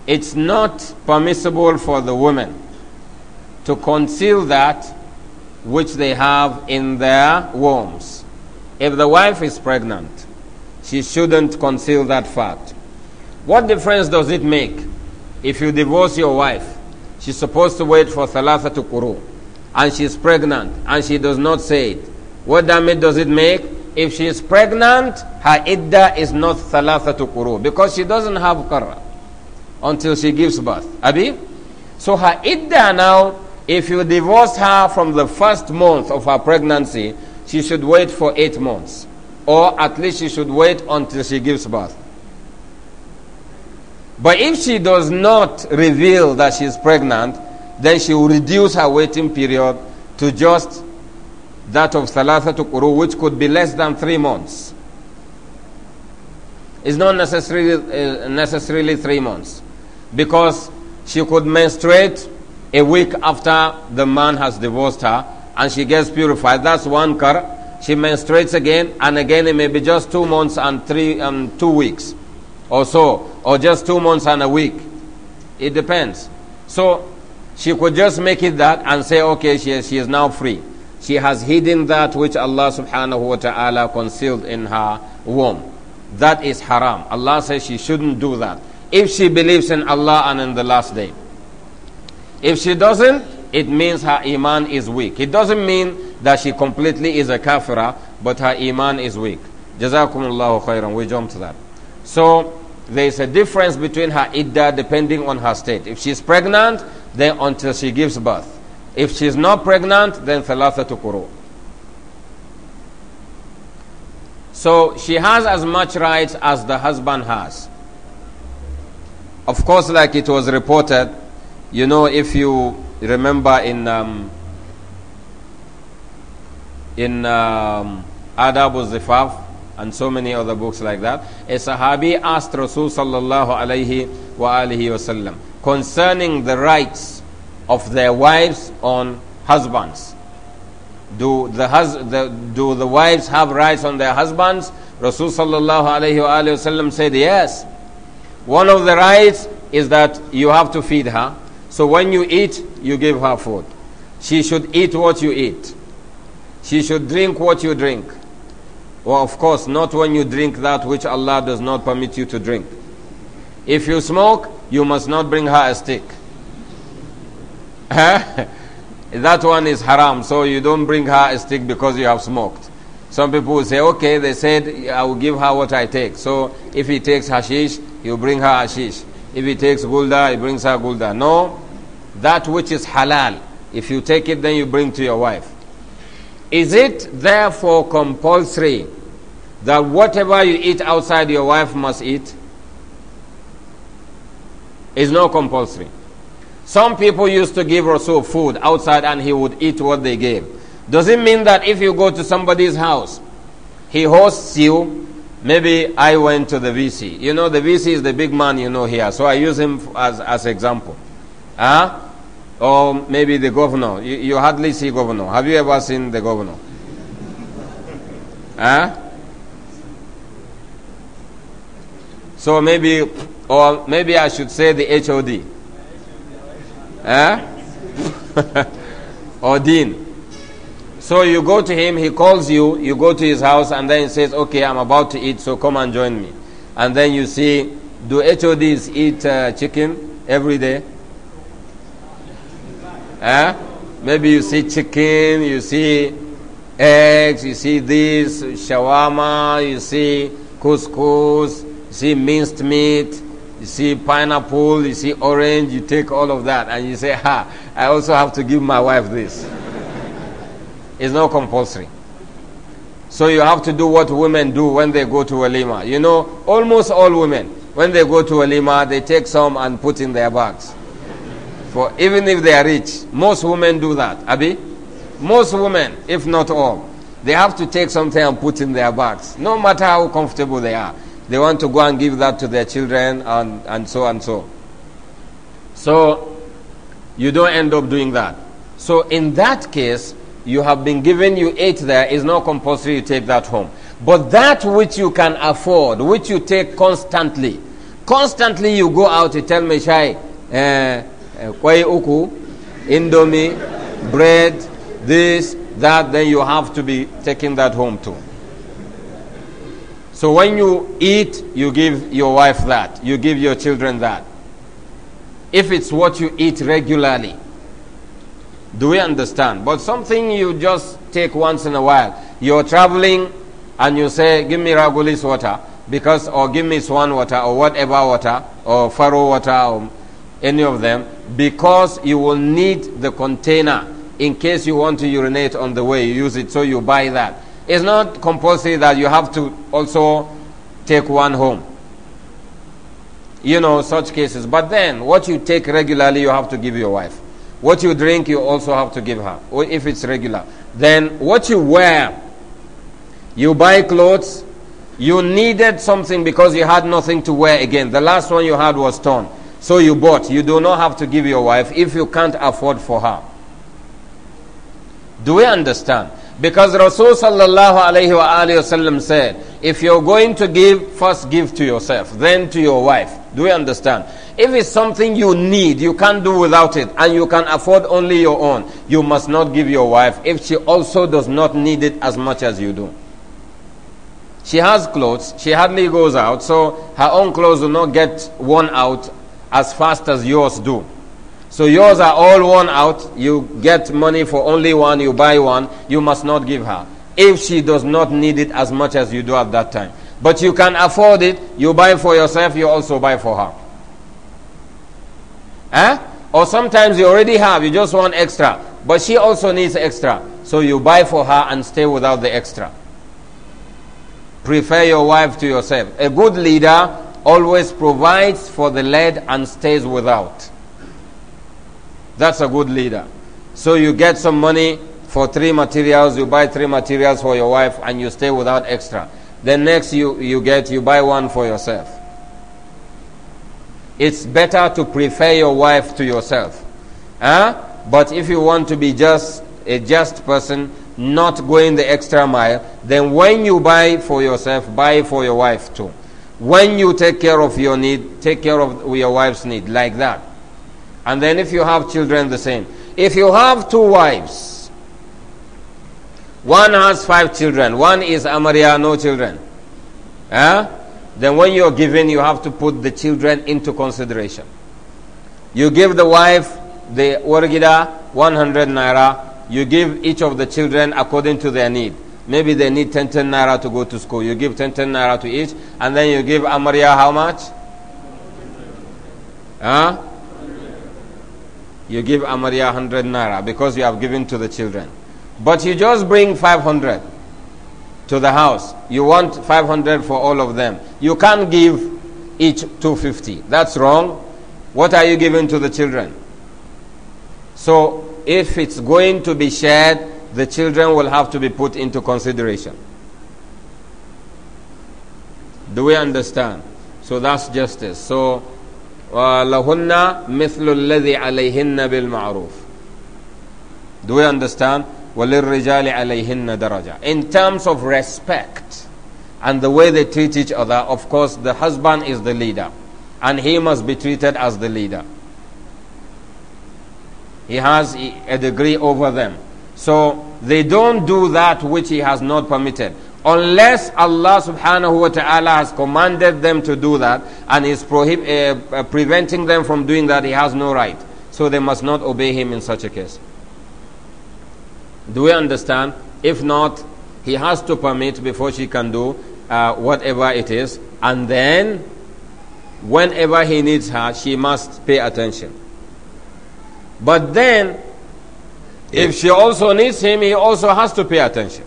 It's not permissible for the women to conceal that which they have in their wombs. If the wife is pregnant, she shouldn't conceal that fact. What difference does it make if you divorce your wife? She's supposed to wait for Thalatha to Kuru and she's pregnant and she does not say it. What damage does it make? If she is pregnant, her idda is not Thalatha to Kuru because she doesn't have Qurra until she gives birth. Abi? So her idda now, if you divorce her from the first month of her pregnancy, she should wait for eight months. Or at least she should wait until she gives birth. But if she does not reveal that she is pregnant, then she will reduce her waiting period to just that of Thalathatul Quru, which could be less than three months. It's not necessarily, uh, necessarily three months because she could menstruate a week after the man has divorced her and she gets purified. That's one kar. She menstruates again and again. It may be just two months and three and um, two weeks or so, or just two months and a week. It depends. So she could just make it that and say, okay, she, she is now free. She has hidden that which Allah subhanahu wa ta'ala concealed in her womb. That is haram. Allah says she shouldn't do that. If she believes in Allah and in the last day. If she doesn't, it means her iman is weak. It doesn't mean that she completely is a kafira, but her iman is weak. Jazakumullahu khairan. We jump to that. So there is a difference between her idda depending on her state. If she's pregnant, then until she gives birth. If she's not pregnant, then thalathatu So she has as much rights as the husband has. Of course, like it was reported, you know, if you remember in um, in um, zifaf and so many other books like that. A Sahabi asked Rasul sallallahu alayhi wa alihi wasallam concerning the rights of their wives on husbands. Do the, hus- the, do the wives have rights on their husbands? Rasul sallallahu alayhi wa alayhi wasallam said yes. One of the rights is that you have to feed her. So when you eat, you give her food. She should eat what you eat. She should drink what you drink. Well, of course, not when you drink that which Allah does not permit you to drink. If you smoke, you must not bring her a stick. [laughs] that one is haram, so you don't bring her a stick because you have smoked. Some people will say, okay, they said I will give her what I take. So if he takes hashish, you bring her hashish. If he takes gulda, he brings her gulda. No, that which is halal. If you take it, then you bring to your wife. Is it therefore compulsory that whatever you eat outside your wife must eat? It's not compulsory. Some people used to give Rasul food outside and he would eat what they gave. Does it mean that if you go to somebody's house, he hosts you? Maybe I went to the VC. You know, the VC is the big man you know here, so I use him as, as example. Huh? Or maybe the governor. You, you hardly see governor. Have you ever seen the governor? Huh? So maybe, or maybe I should say the HOD. Eh? [laughs] or Dean. So you go to him, he calls you, you go to his house, and then he says, Okay, I'm about to eat, so come and join me. And then you see, do HODs eat uh, chicken every day? Eh? Maybe you see chicken, you see eggs, you see this, shawarma, you see couscous, you see minced meat, you see pineapple, you see orange, you take all of that and you say, Ha, I also have to give my wife this. [laughs] it's not compulsory. So you have to do what women do when they go to Walima. You know, almost all women, when they go to Walima, they take some and put in their bags for even if they are rich. Most women do that, Abi. Most women, if not all, they have to take something and put in their bags, no matter how comfortable they are. They want to go and give that to their children and, and so and so. So you don't end up doing that. So in that case, you have been given, you ate there, is not compulsory you take that home. But that which you can afford, which you take constantly, constantly you go out, to tell me, Shai, eh, Eh, kwai uku, indomie, bread, this, that, then you have to be taking that home too. So when you eat, you give your wife that, you give your children that. If it's what you eat regularly, do we understand? But something you just take once in a while. You're traveling and you say, Give me Ragulis water, because, or give me swan water, or whatever water, or faro water, or any of them because you will need the container in case you want to urinate on the way. You use it, so you buy that. It's not compulsory that you have to also take one home. You know, such cases. But then, what you take regularly, you have to give your wife. What you drink, you also have to give her, or if it's regular. Then, what you wear, you buy clothes, you needed something because you had nothing to wear again. The last one you had was torn. So you bought. You do not have to give your wife if you can't afford for her. Do we understand? Because Rasul sallallahu alayhi wa alayhi said, if you're going to give, first give to yourself, then to your wife. Do we understand? If it's something you need, you can't do without it, and you can afford only your own, you must not give your wife if she also does not need it as much as you do. She has clothes, she hardly goes out, so her own clothes will not get worn out as fast as yours do. So yours are all worn out. You get money for only one, you buy one. You must not give her. If she does not need it as much as you do at that time. But you can afford it. You buy for yourself, you also buy for her. Eh? Or sometimes you already have, you just want extra. But she also needs extra. So you buy for her and stay without the extra. Prefer your wife to yourself. A good leader always provides for the led and stays without. That's a good leader. So you get some money for three materials, you buy three materials for your wife, and you stay without extra. Then next you, you get, you buy one for yourself. It's better to prefer your wife to yourself. Huh? But if you want to be just a just person, not going the extra mile, then when you buy for yourself, buy for your wife too. When you take care of your need, take care of your wife's need, like that. And then if you have children, the same. If you have two wives, one has five children, one is Amaria, no children. Eh? Then when you're giving, you have to put the children into consideration. You give the wife the origida 100 naira, you give each of the children according to their need. Maybe they need 10, 10 naira to go to school. You give 10, 10 naira to each, and then you give Amaria how much? Huh? You give Amaria 100 naira because you have given to the children. But you just bring 500 to the house. You want 500 for all of them. You can't give each 250. That's wrong. What are you giving to the children? So, if it's going to be shared, the children will have to be put into consideration. Do we understand? So that's justice. So, لهن مثل الذي عليهن بالمعروف. Do we understand? وللرجال عليهن درجة. In terms of respect and the way they treat each other, of course, the husband is the leader and he must be treated as the leader. He has a degree over them. So they don't do that which He has not permitted. Unless Allah subhanahu wa ta'ala has commanded them to do that and is prohib- uh, uh, preventing them from doing that, He has no right. So they must not obey Him in such a case. Do we understand? If not, He has to permit before she can do uh, whatever it is. And then, whenever He needs her, she must pay attention. But then, if she also needs him, he also has to pay attention.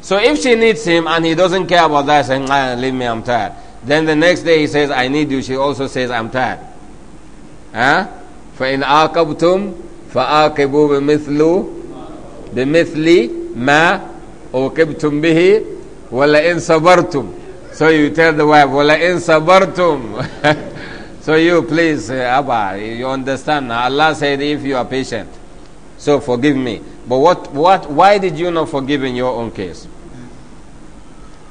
So if she needs him and he doesn't care about that, saying, ah, leave me, I'm tired. Then the next day he says, I need you. She also says, I'm tired. Huh? فَإِنْ عَاقَبْتُمْ فَعَاقِبُوا بِمِثْلُ بِمِثْلِ مَا عُوقِبْتُمْ بِهِ وَلَئِنْ صَبَرْتُمْ So you tell the wife, وَلَئِنْ صَبَرْتُمْ [laughs] So you please, uh, Abba, you understand. Allah said if you are patient. So forgive me. But what, what, why did you not forgive in your own case?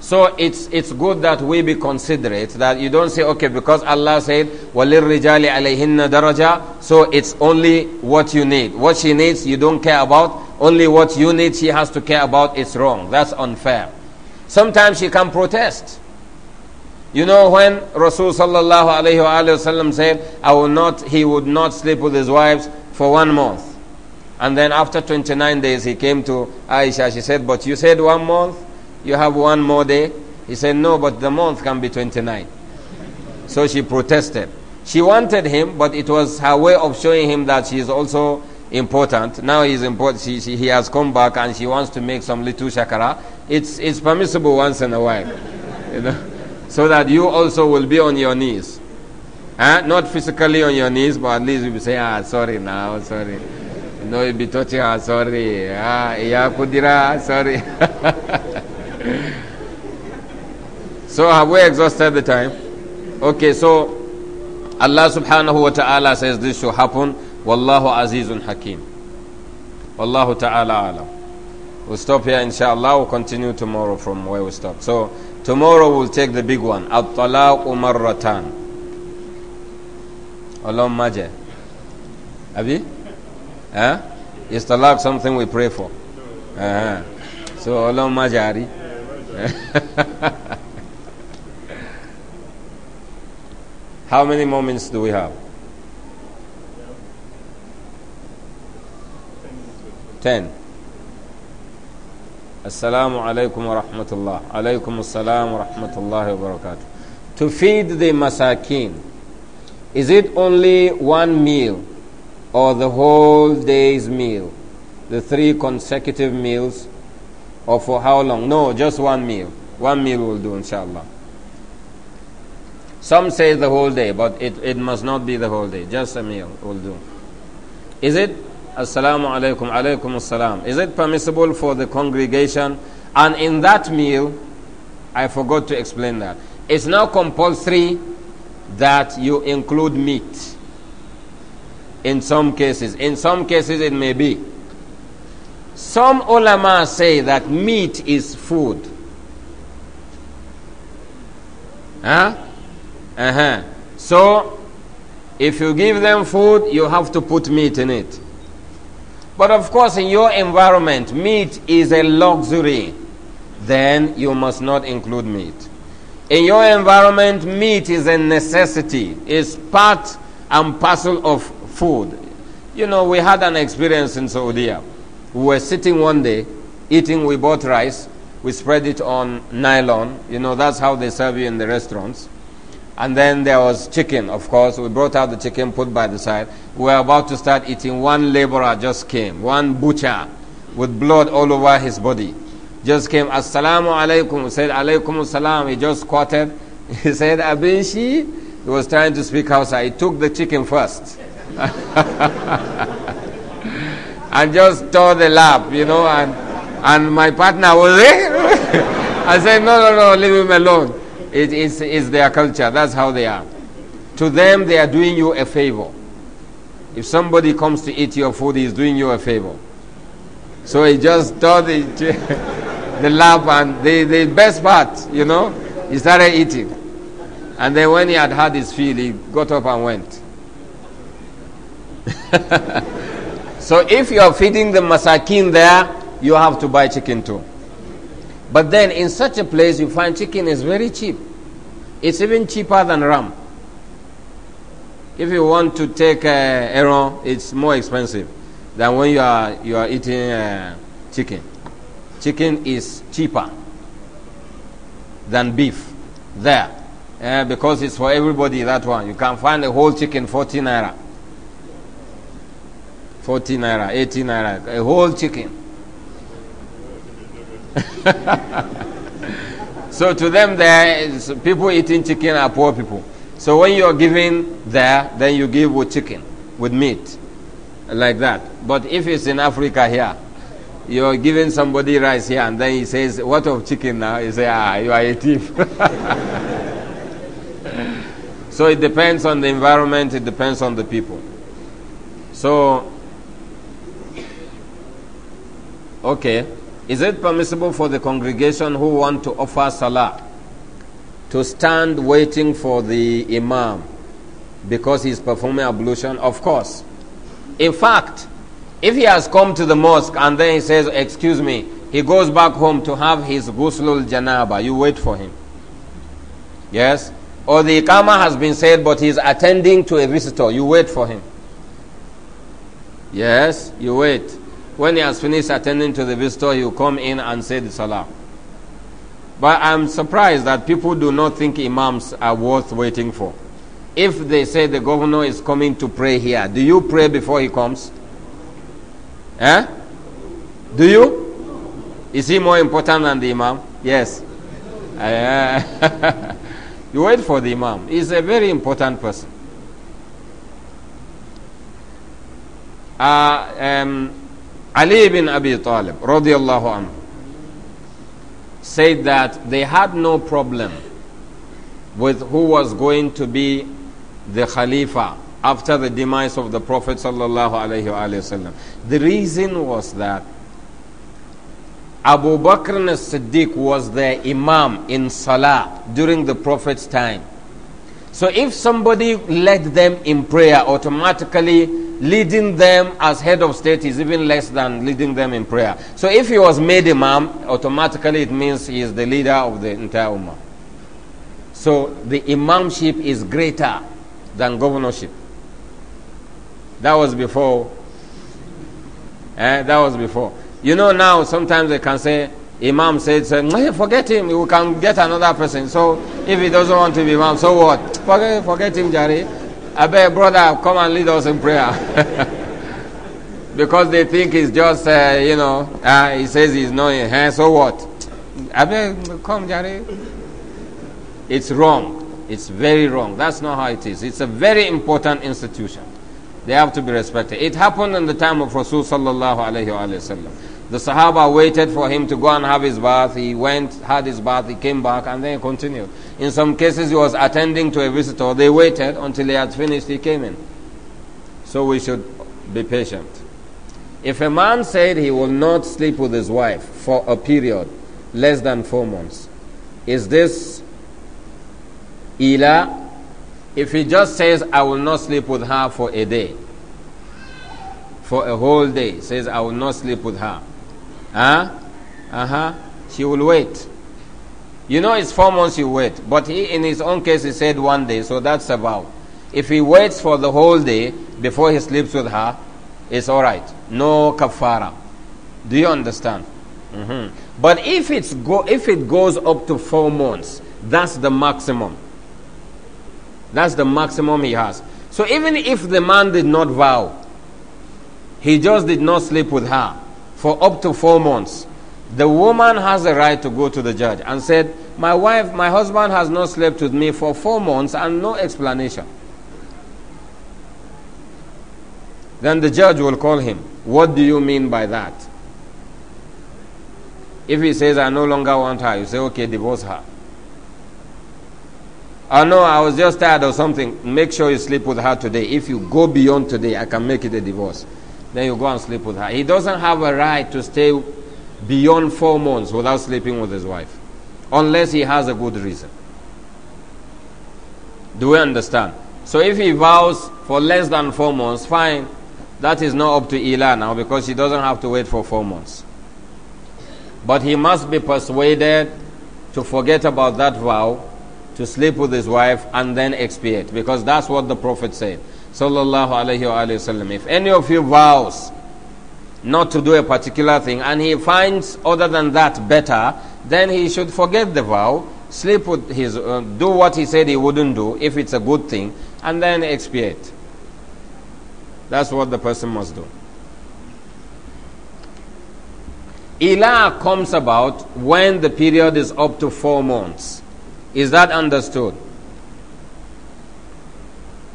So it's, it's good that we be considerate, that you don't say, okay, because Allah said, وَلِلْرِجَالِ عَلَيْهِنَّ daraja, so it's only what you need. What she needs, you don't care about. Only what you need, she has to care about. It's wrong. That's unfair. Sometimes she can protest. You know when Rasulullah sallallahu alayhi wa said, I will not, he would not sleep with his wives for one month. And then after 29 days, he came to Aisha. She said, But you said one month, you have one more day. He said, No, but the month can be 29. So she protested. She wanted him, but it was her way of showing him that she is also important. Now he's important. She, she, he has come back and she wants to make some little shakara. It's, it's permissible once in a while, [laughs] you know, so that you also will be on your knees. Huh? Not physically on your knees, but at least you will say, ah, sorry now, sorry. No, Noi bitotea, ah, sorry. Ah, ya kudira, sorry. [laughs] so have we exhausted the time? Okay, so Allah subhanahu wa ta'ala says this should happen. Wallahu azizun hakim. Wallahu ta'ala alam. We'll stop here inshallah. We'll continue tomorrow from where we stopped. So tomorrow we'll take the big one. At-talaqu marratan. Allah maje. Abi? Eh? Is talaq something we pray for? Uh-huh. So, Allahumma [laughs] jari. How many moments do we have? Ten. Assalamu alaikum wa rahmatullah. Alaikum assalam wa rahmatullahi wa barakatuh. To feed the masakin, is it only one meal? or the whole day's meal, the three consecutive meals, or for how long? No, just one meal. One meal will do, inshallah. Some say the whole day, but it, it must not be the whole day. Just a meal will do. Is it? Assalamu alaikum, alaikum assalam. Is it permissible for the congregation? And in that meal, I forgot to explain that. It's now compulsory that you include meat in some cases. In some cases, it may be. Some ulama say that meat is food. Huh? Uh huh. So, if you give them food, you have to put meat in it. But of course, in your environment, meat is a luxury. Then you must not include meat. In your environment, meat is a necessity, it's part and parcel of food. You know, we had an experience in Saudi. We were sitting one day, eating, we bought rice, we spread it on nylon. You know, that's how they serve you in the restaurants. And then there was chicken, of course. We brought out the chicken, put by the side. We were about to start eating. One laborer just came, one butcher with blood all over his body. Just came, Assalamu alaikum. said, Alaikum assalam. He just squatted. [laughs] He said, Abinshi. He was trying to speak Hausa. He took the chicken first and [laughs] just tore the lap, you know, and, and my partner was there. [laughs] I said, no, no, no, leave him alone. It is is their culture. That's how they are. To them, they are doing you a favor. If somebody comes to eat your food, he's doing you a favor. So he just tore the, [laughs] the lap and the, the best part, you know, he started eating. And then when he had had his fill, he got up and went. [laughs] so if you are feeding the masakin there, you have to buy chicken too. But then in such a place, you find chicken is very cheap. It's even cheaper than ram. If you want to take uh, aaron, it's more expensive than when you are you are eating uh, chicken. Chicken is cheaper than beef there uh, because it's for everybody that one. You can find a whole chicken fourteen naira. 40 naira, 80 naira, a whole chicken. [laughs] so to them, there is people eating chicken are poor people. So when you are giving there, then you give with chicken, with meat, like that. But if it's in Africa here, you are giving somebody rice here, and then he says, "What of chicken now?" You say, "Ah, you are a thief." [laughs] so it depends on the environment. It depends on the people. So Okay. Is it permissible for the congregation who want to offer salah to stand waiting for the imam because he's performing ablution? Of course. In fact, if he has come to the mosque and then he says, Excuse me, he goes back home to have his ghuslul janaba, you wait for him. Yes? Or the ikama has been said, but he's attending to a visitor, you wait for him. Yes, you wait. When he has finished attending to the visitor, he will come in and say the salah. But I'm surprised that people do not think imams are worth waiting for. If they say the governor is coming to pray here, do you pray before he comes? Eh? Do you? Is he more important than the imam? Yes. [laughs] you wait for the imam. He's a very important person. Uh, um, Ali ibn Abi Talib radiallahu anhu said that they had no problem with who was going to be the Khalifa after the demise of the Prophet sallallahu alaihi wasallam. The reason was that Abu Bakr as-Siddiq was their Imam in Salah during the Prophet's time. So if somebody led them in prayer, automatically leading them as head of state is even less than leading them in prayer. So if he was made imam, automatically it means he is the leader of the entire ummah. So the imamship is greater than governorship. That was before. Eh? That was before. You know now sometimes they can say Imam said, forget him, we can get another person. So if he doesn't want to be Imam, so what? Forget, forget him, Jari. I beg, brother, come and lead us in prayer. [laughs] because they think he's just, uh, you know, uh, he says he's not in so what? I beg, come, Jari. It's wrong. It's very wrong. That's not how it is. It's a very important institution. They have to be respected. It happened in the time of Rasulullah sallallahu alayhi wa sallam. The Sahaba waited for him to go and have his bath. He went, had his bath, he came back, and then he continued. In some cases, he was attending to a visitor. They waited until he had finished, he came in. So we should be patient. If a man said he will not sleep with his wife for a period less than four months, is this ila? If he just says, I will not sleep with her for a day, for a whole day, says, I will not sleep with her Huh? Uh uh-huh. huh. She will wait. You know, it's four months you wait. But he, in his own case, he said one day, so that's about. If he waits for the whole day before he sleeps with her, it's all right. No kafara. Do you understand? Mm -hmm. But if, it's go, if it goes up to four months, that's the maximum. That's the maximum he has. So even if the man did not vow, he just did not sleep with her, for up to four months, the woman has a right to go to the judge and said, My wife, my husband has not slept with me for four months and no explanation. Then the judge will call him. What do you mean by that? If he says, I no longer want her, you say, Okay, divorce her. Oh no, I was just tired of something. Make sure you sleep with her today. If you go beyond today, I can make it a divorce. Then you go and sleep with her. He doesn't have a right to stay beyond four months without sleeping with his wife, unless he has a good reason. Do we understand? So if he vows for less than four months, fine. That is not up to Ila now because she doesn't have to wait for four months. But he must be persuaded to forget about that vow, to sleep with his wife, and then expiate because that's what the Prophet said. Sallallahu alayhi wa, alayhi wa sallam. If any of you vows not to do a particular thing and he finds other than that better, then he should forget the vow, sleep with his, uh, do what he said he wouldn't do if it's a good thing, and then expiate. That's what the person must do. Ila comes about when the period is up to four months. Is that understood?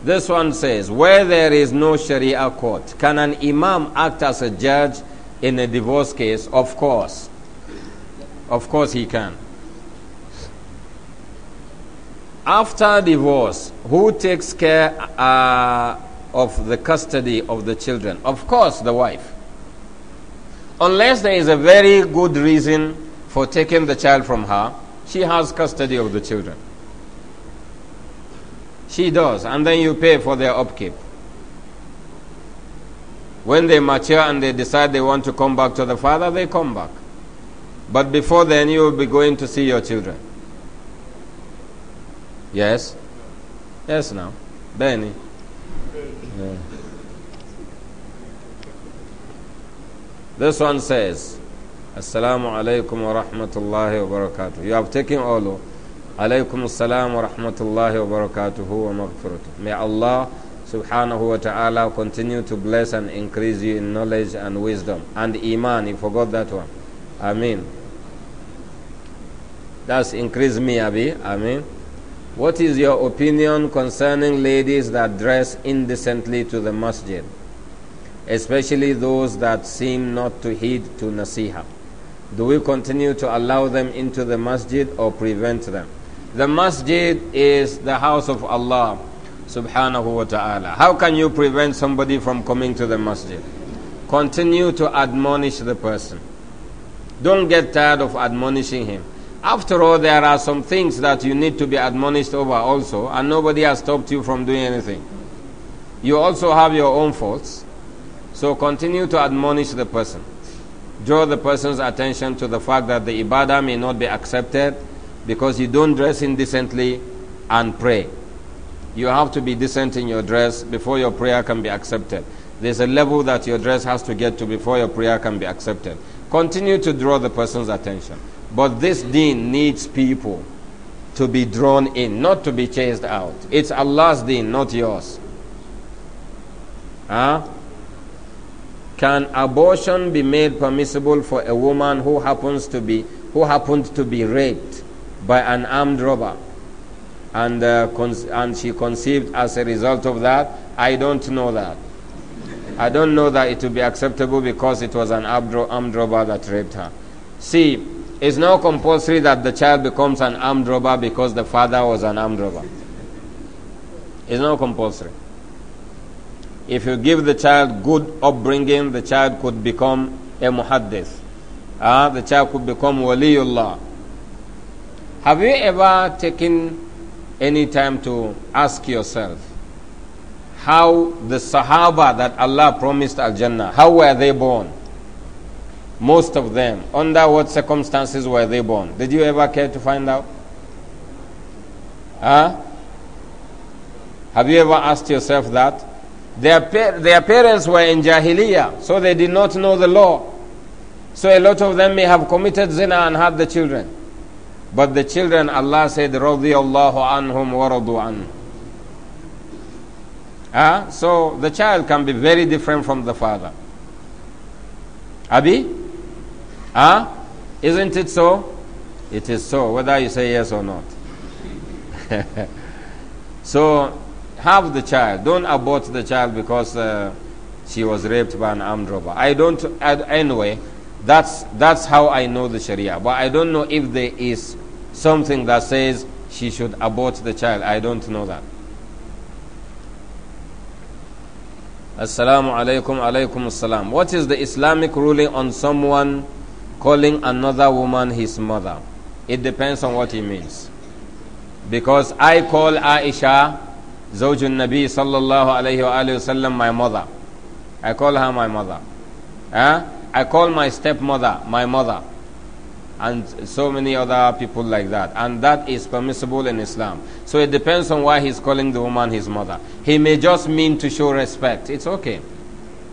This one says, where there is no Sharia court, can an imam act as a judge in a divorce case? Of course. Of course he can. After divorce, who takes care uh, of the custody of the children? Of course, the wife. Unless there is a very good reason for taking the child from her, she has custody of the children. She does, and then you pay for their upkeep. When they mature and they decide they want to come back to the father, they come back. But before then, you will be going to see your children. Yes? Yes, now. Benny. Yeah. This one says, Assalamu alaikum wa rahmatullahi wa barakatuh. You have taken all. Alaykum assalam wa rahmatullahi wa barakatuhu wa May Allah subhanahu wa ta'ala continue to bless and increase you in knowledge and wisdom and iman. You forgot that one. Ameen. That's increase me, Abi. Ameen. What is your opinion concerning ladies that dress indecently to the masjid, especially those that seem not to heed to nasiha? Do we continue to allow them into the masjid or prevent them? The masjid is the house of Allah subhanahu wa ta'ala. How can you prevent somebody from coming to the masjid? Continue to admonish the person. Don't get tired of admonishing him. After all, there are some things that you need to be admonished over also, and nobody has stopped you from doing anything. You also have your own faults, so continue to admonish the person. Draw the person's attention to the fact that the ibadah may not be accepted because you don't dress indecently and pray. You have to be decent in your dress before your prayer can be accepted. There's a level that your dress has to get to before your prayer can be accepted. Continue to draw the person's attention. But this deen needs people to be drawn in, not to be chased out. It's Allah's deen, not yours. Huh? Can abortion be made permissible for a woman who happens to be who happened to be raped by an armed robber. And, uh, and she conceived as a result of that. I don't know that. I don't know that it would be acceptable because it was an armed robber that raped her. See, it's not compulsory that the child becomes an armed robber because the father was an armed robber. It's not compulsory. If you give the child good upbringing, the child could become a muhaddith. Uh, the child could become waliullah. Have you ever taken any time to ask yourself how the Sahaba that Allah promised Al Jannah, how were they born? Most of them, under what circumstances were they born? Did you ever care to find out? Huh? Have you ever asked yourself that? Their, their parents were in Jahiliyyah, so they did not know the law. So a lot of them may have committed zina and had the children. But the children, Allah said, رَضِيَ اللَّهُ عَنْهُمْ وَرَضُوا Ah, so the child can be very different from the father. Abi? Ah? Isn't it so? It is so, whether you say yes or not. [laughs] so have the child. Don't abort the child because uh, she was raped by an armed robber. I don't, anyway, that's, that's how I know the Sharia. But I don't know if there is something that says she should abort the child. I don't know that. Assalamu alaikum alaikum assalam. What is the Islamic ruling on someone calling another woman his mother? It depends on what he means. Because I call Aisha, Zawjun Nabi sallallahu alayhi wa sallam, my mother. I call her my mother. Eh? I call my stepmother my mother and so many other people like that. And that is permissible in Islam. So it depends on why he's calling the woman his mother. He may just mean to show respect. It's okay.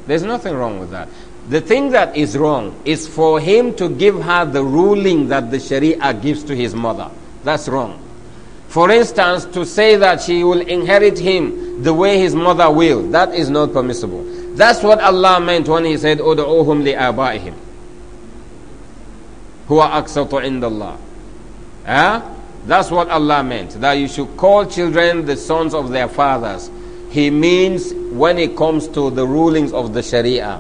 There's nothing wrong with that. The thing that is wrong is for him to give her the ruling that the Sharia gives to his mother. That's wrong. For instance, to say that she will inherit him the way his mother will, that is not permissible. That's what Allah meant when He said, li abaihim." Huwa aqsatu indallah. Eh? That's what Allah meant, that you should call children the sons of their fathers. He means when it comes to the rulings of the Sharia.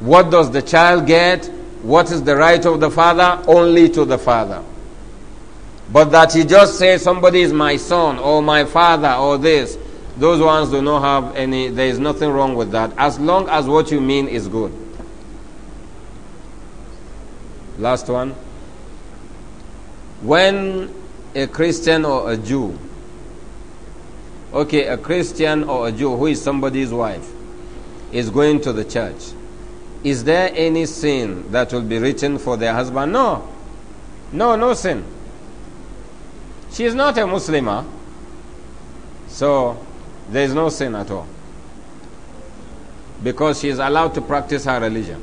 What does the child get? What is the right of the father? Only to the father. But that he just says somebody is my son or my father or this, those ones do not have any, there is nothing wrong with that. As long as what you mean is good. Last one. When a Christian or a Jew, okay, a Christian or a Jew who is somebody's wife is going to the church, is there any sin that will be written for their husband? No. No, no sin. She is not a Muslim, so there is no sin at all because she is allowed to practice her religion.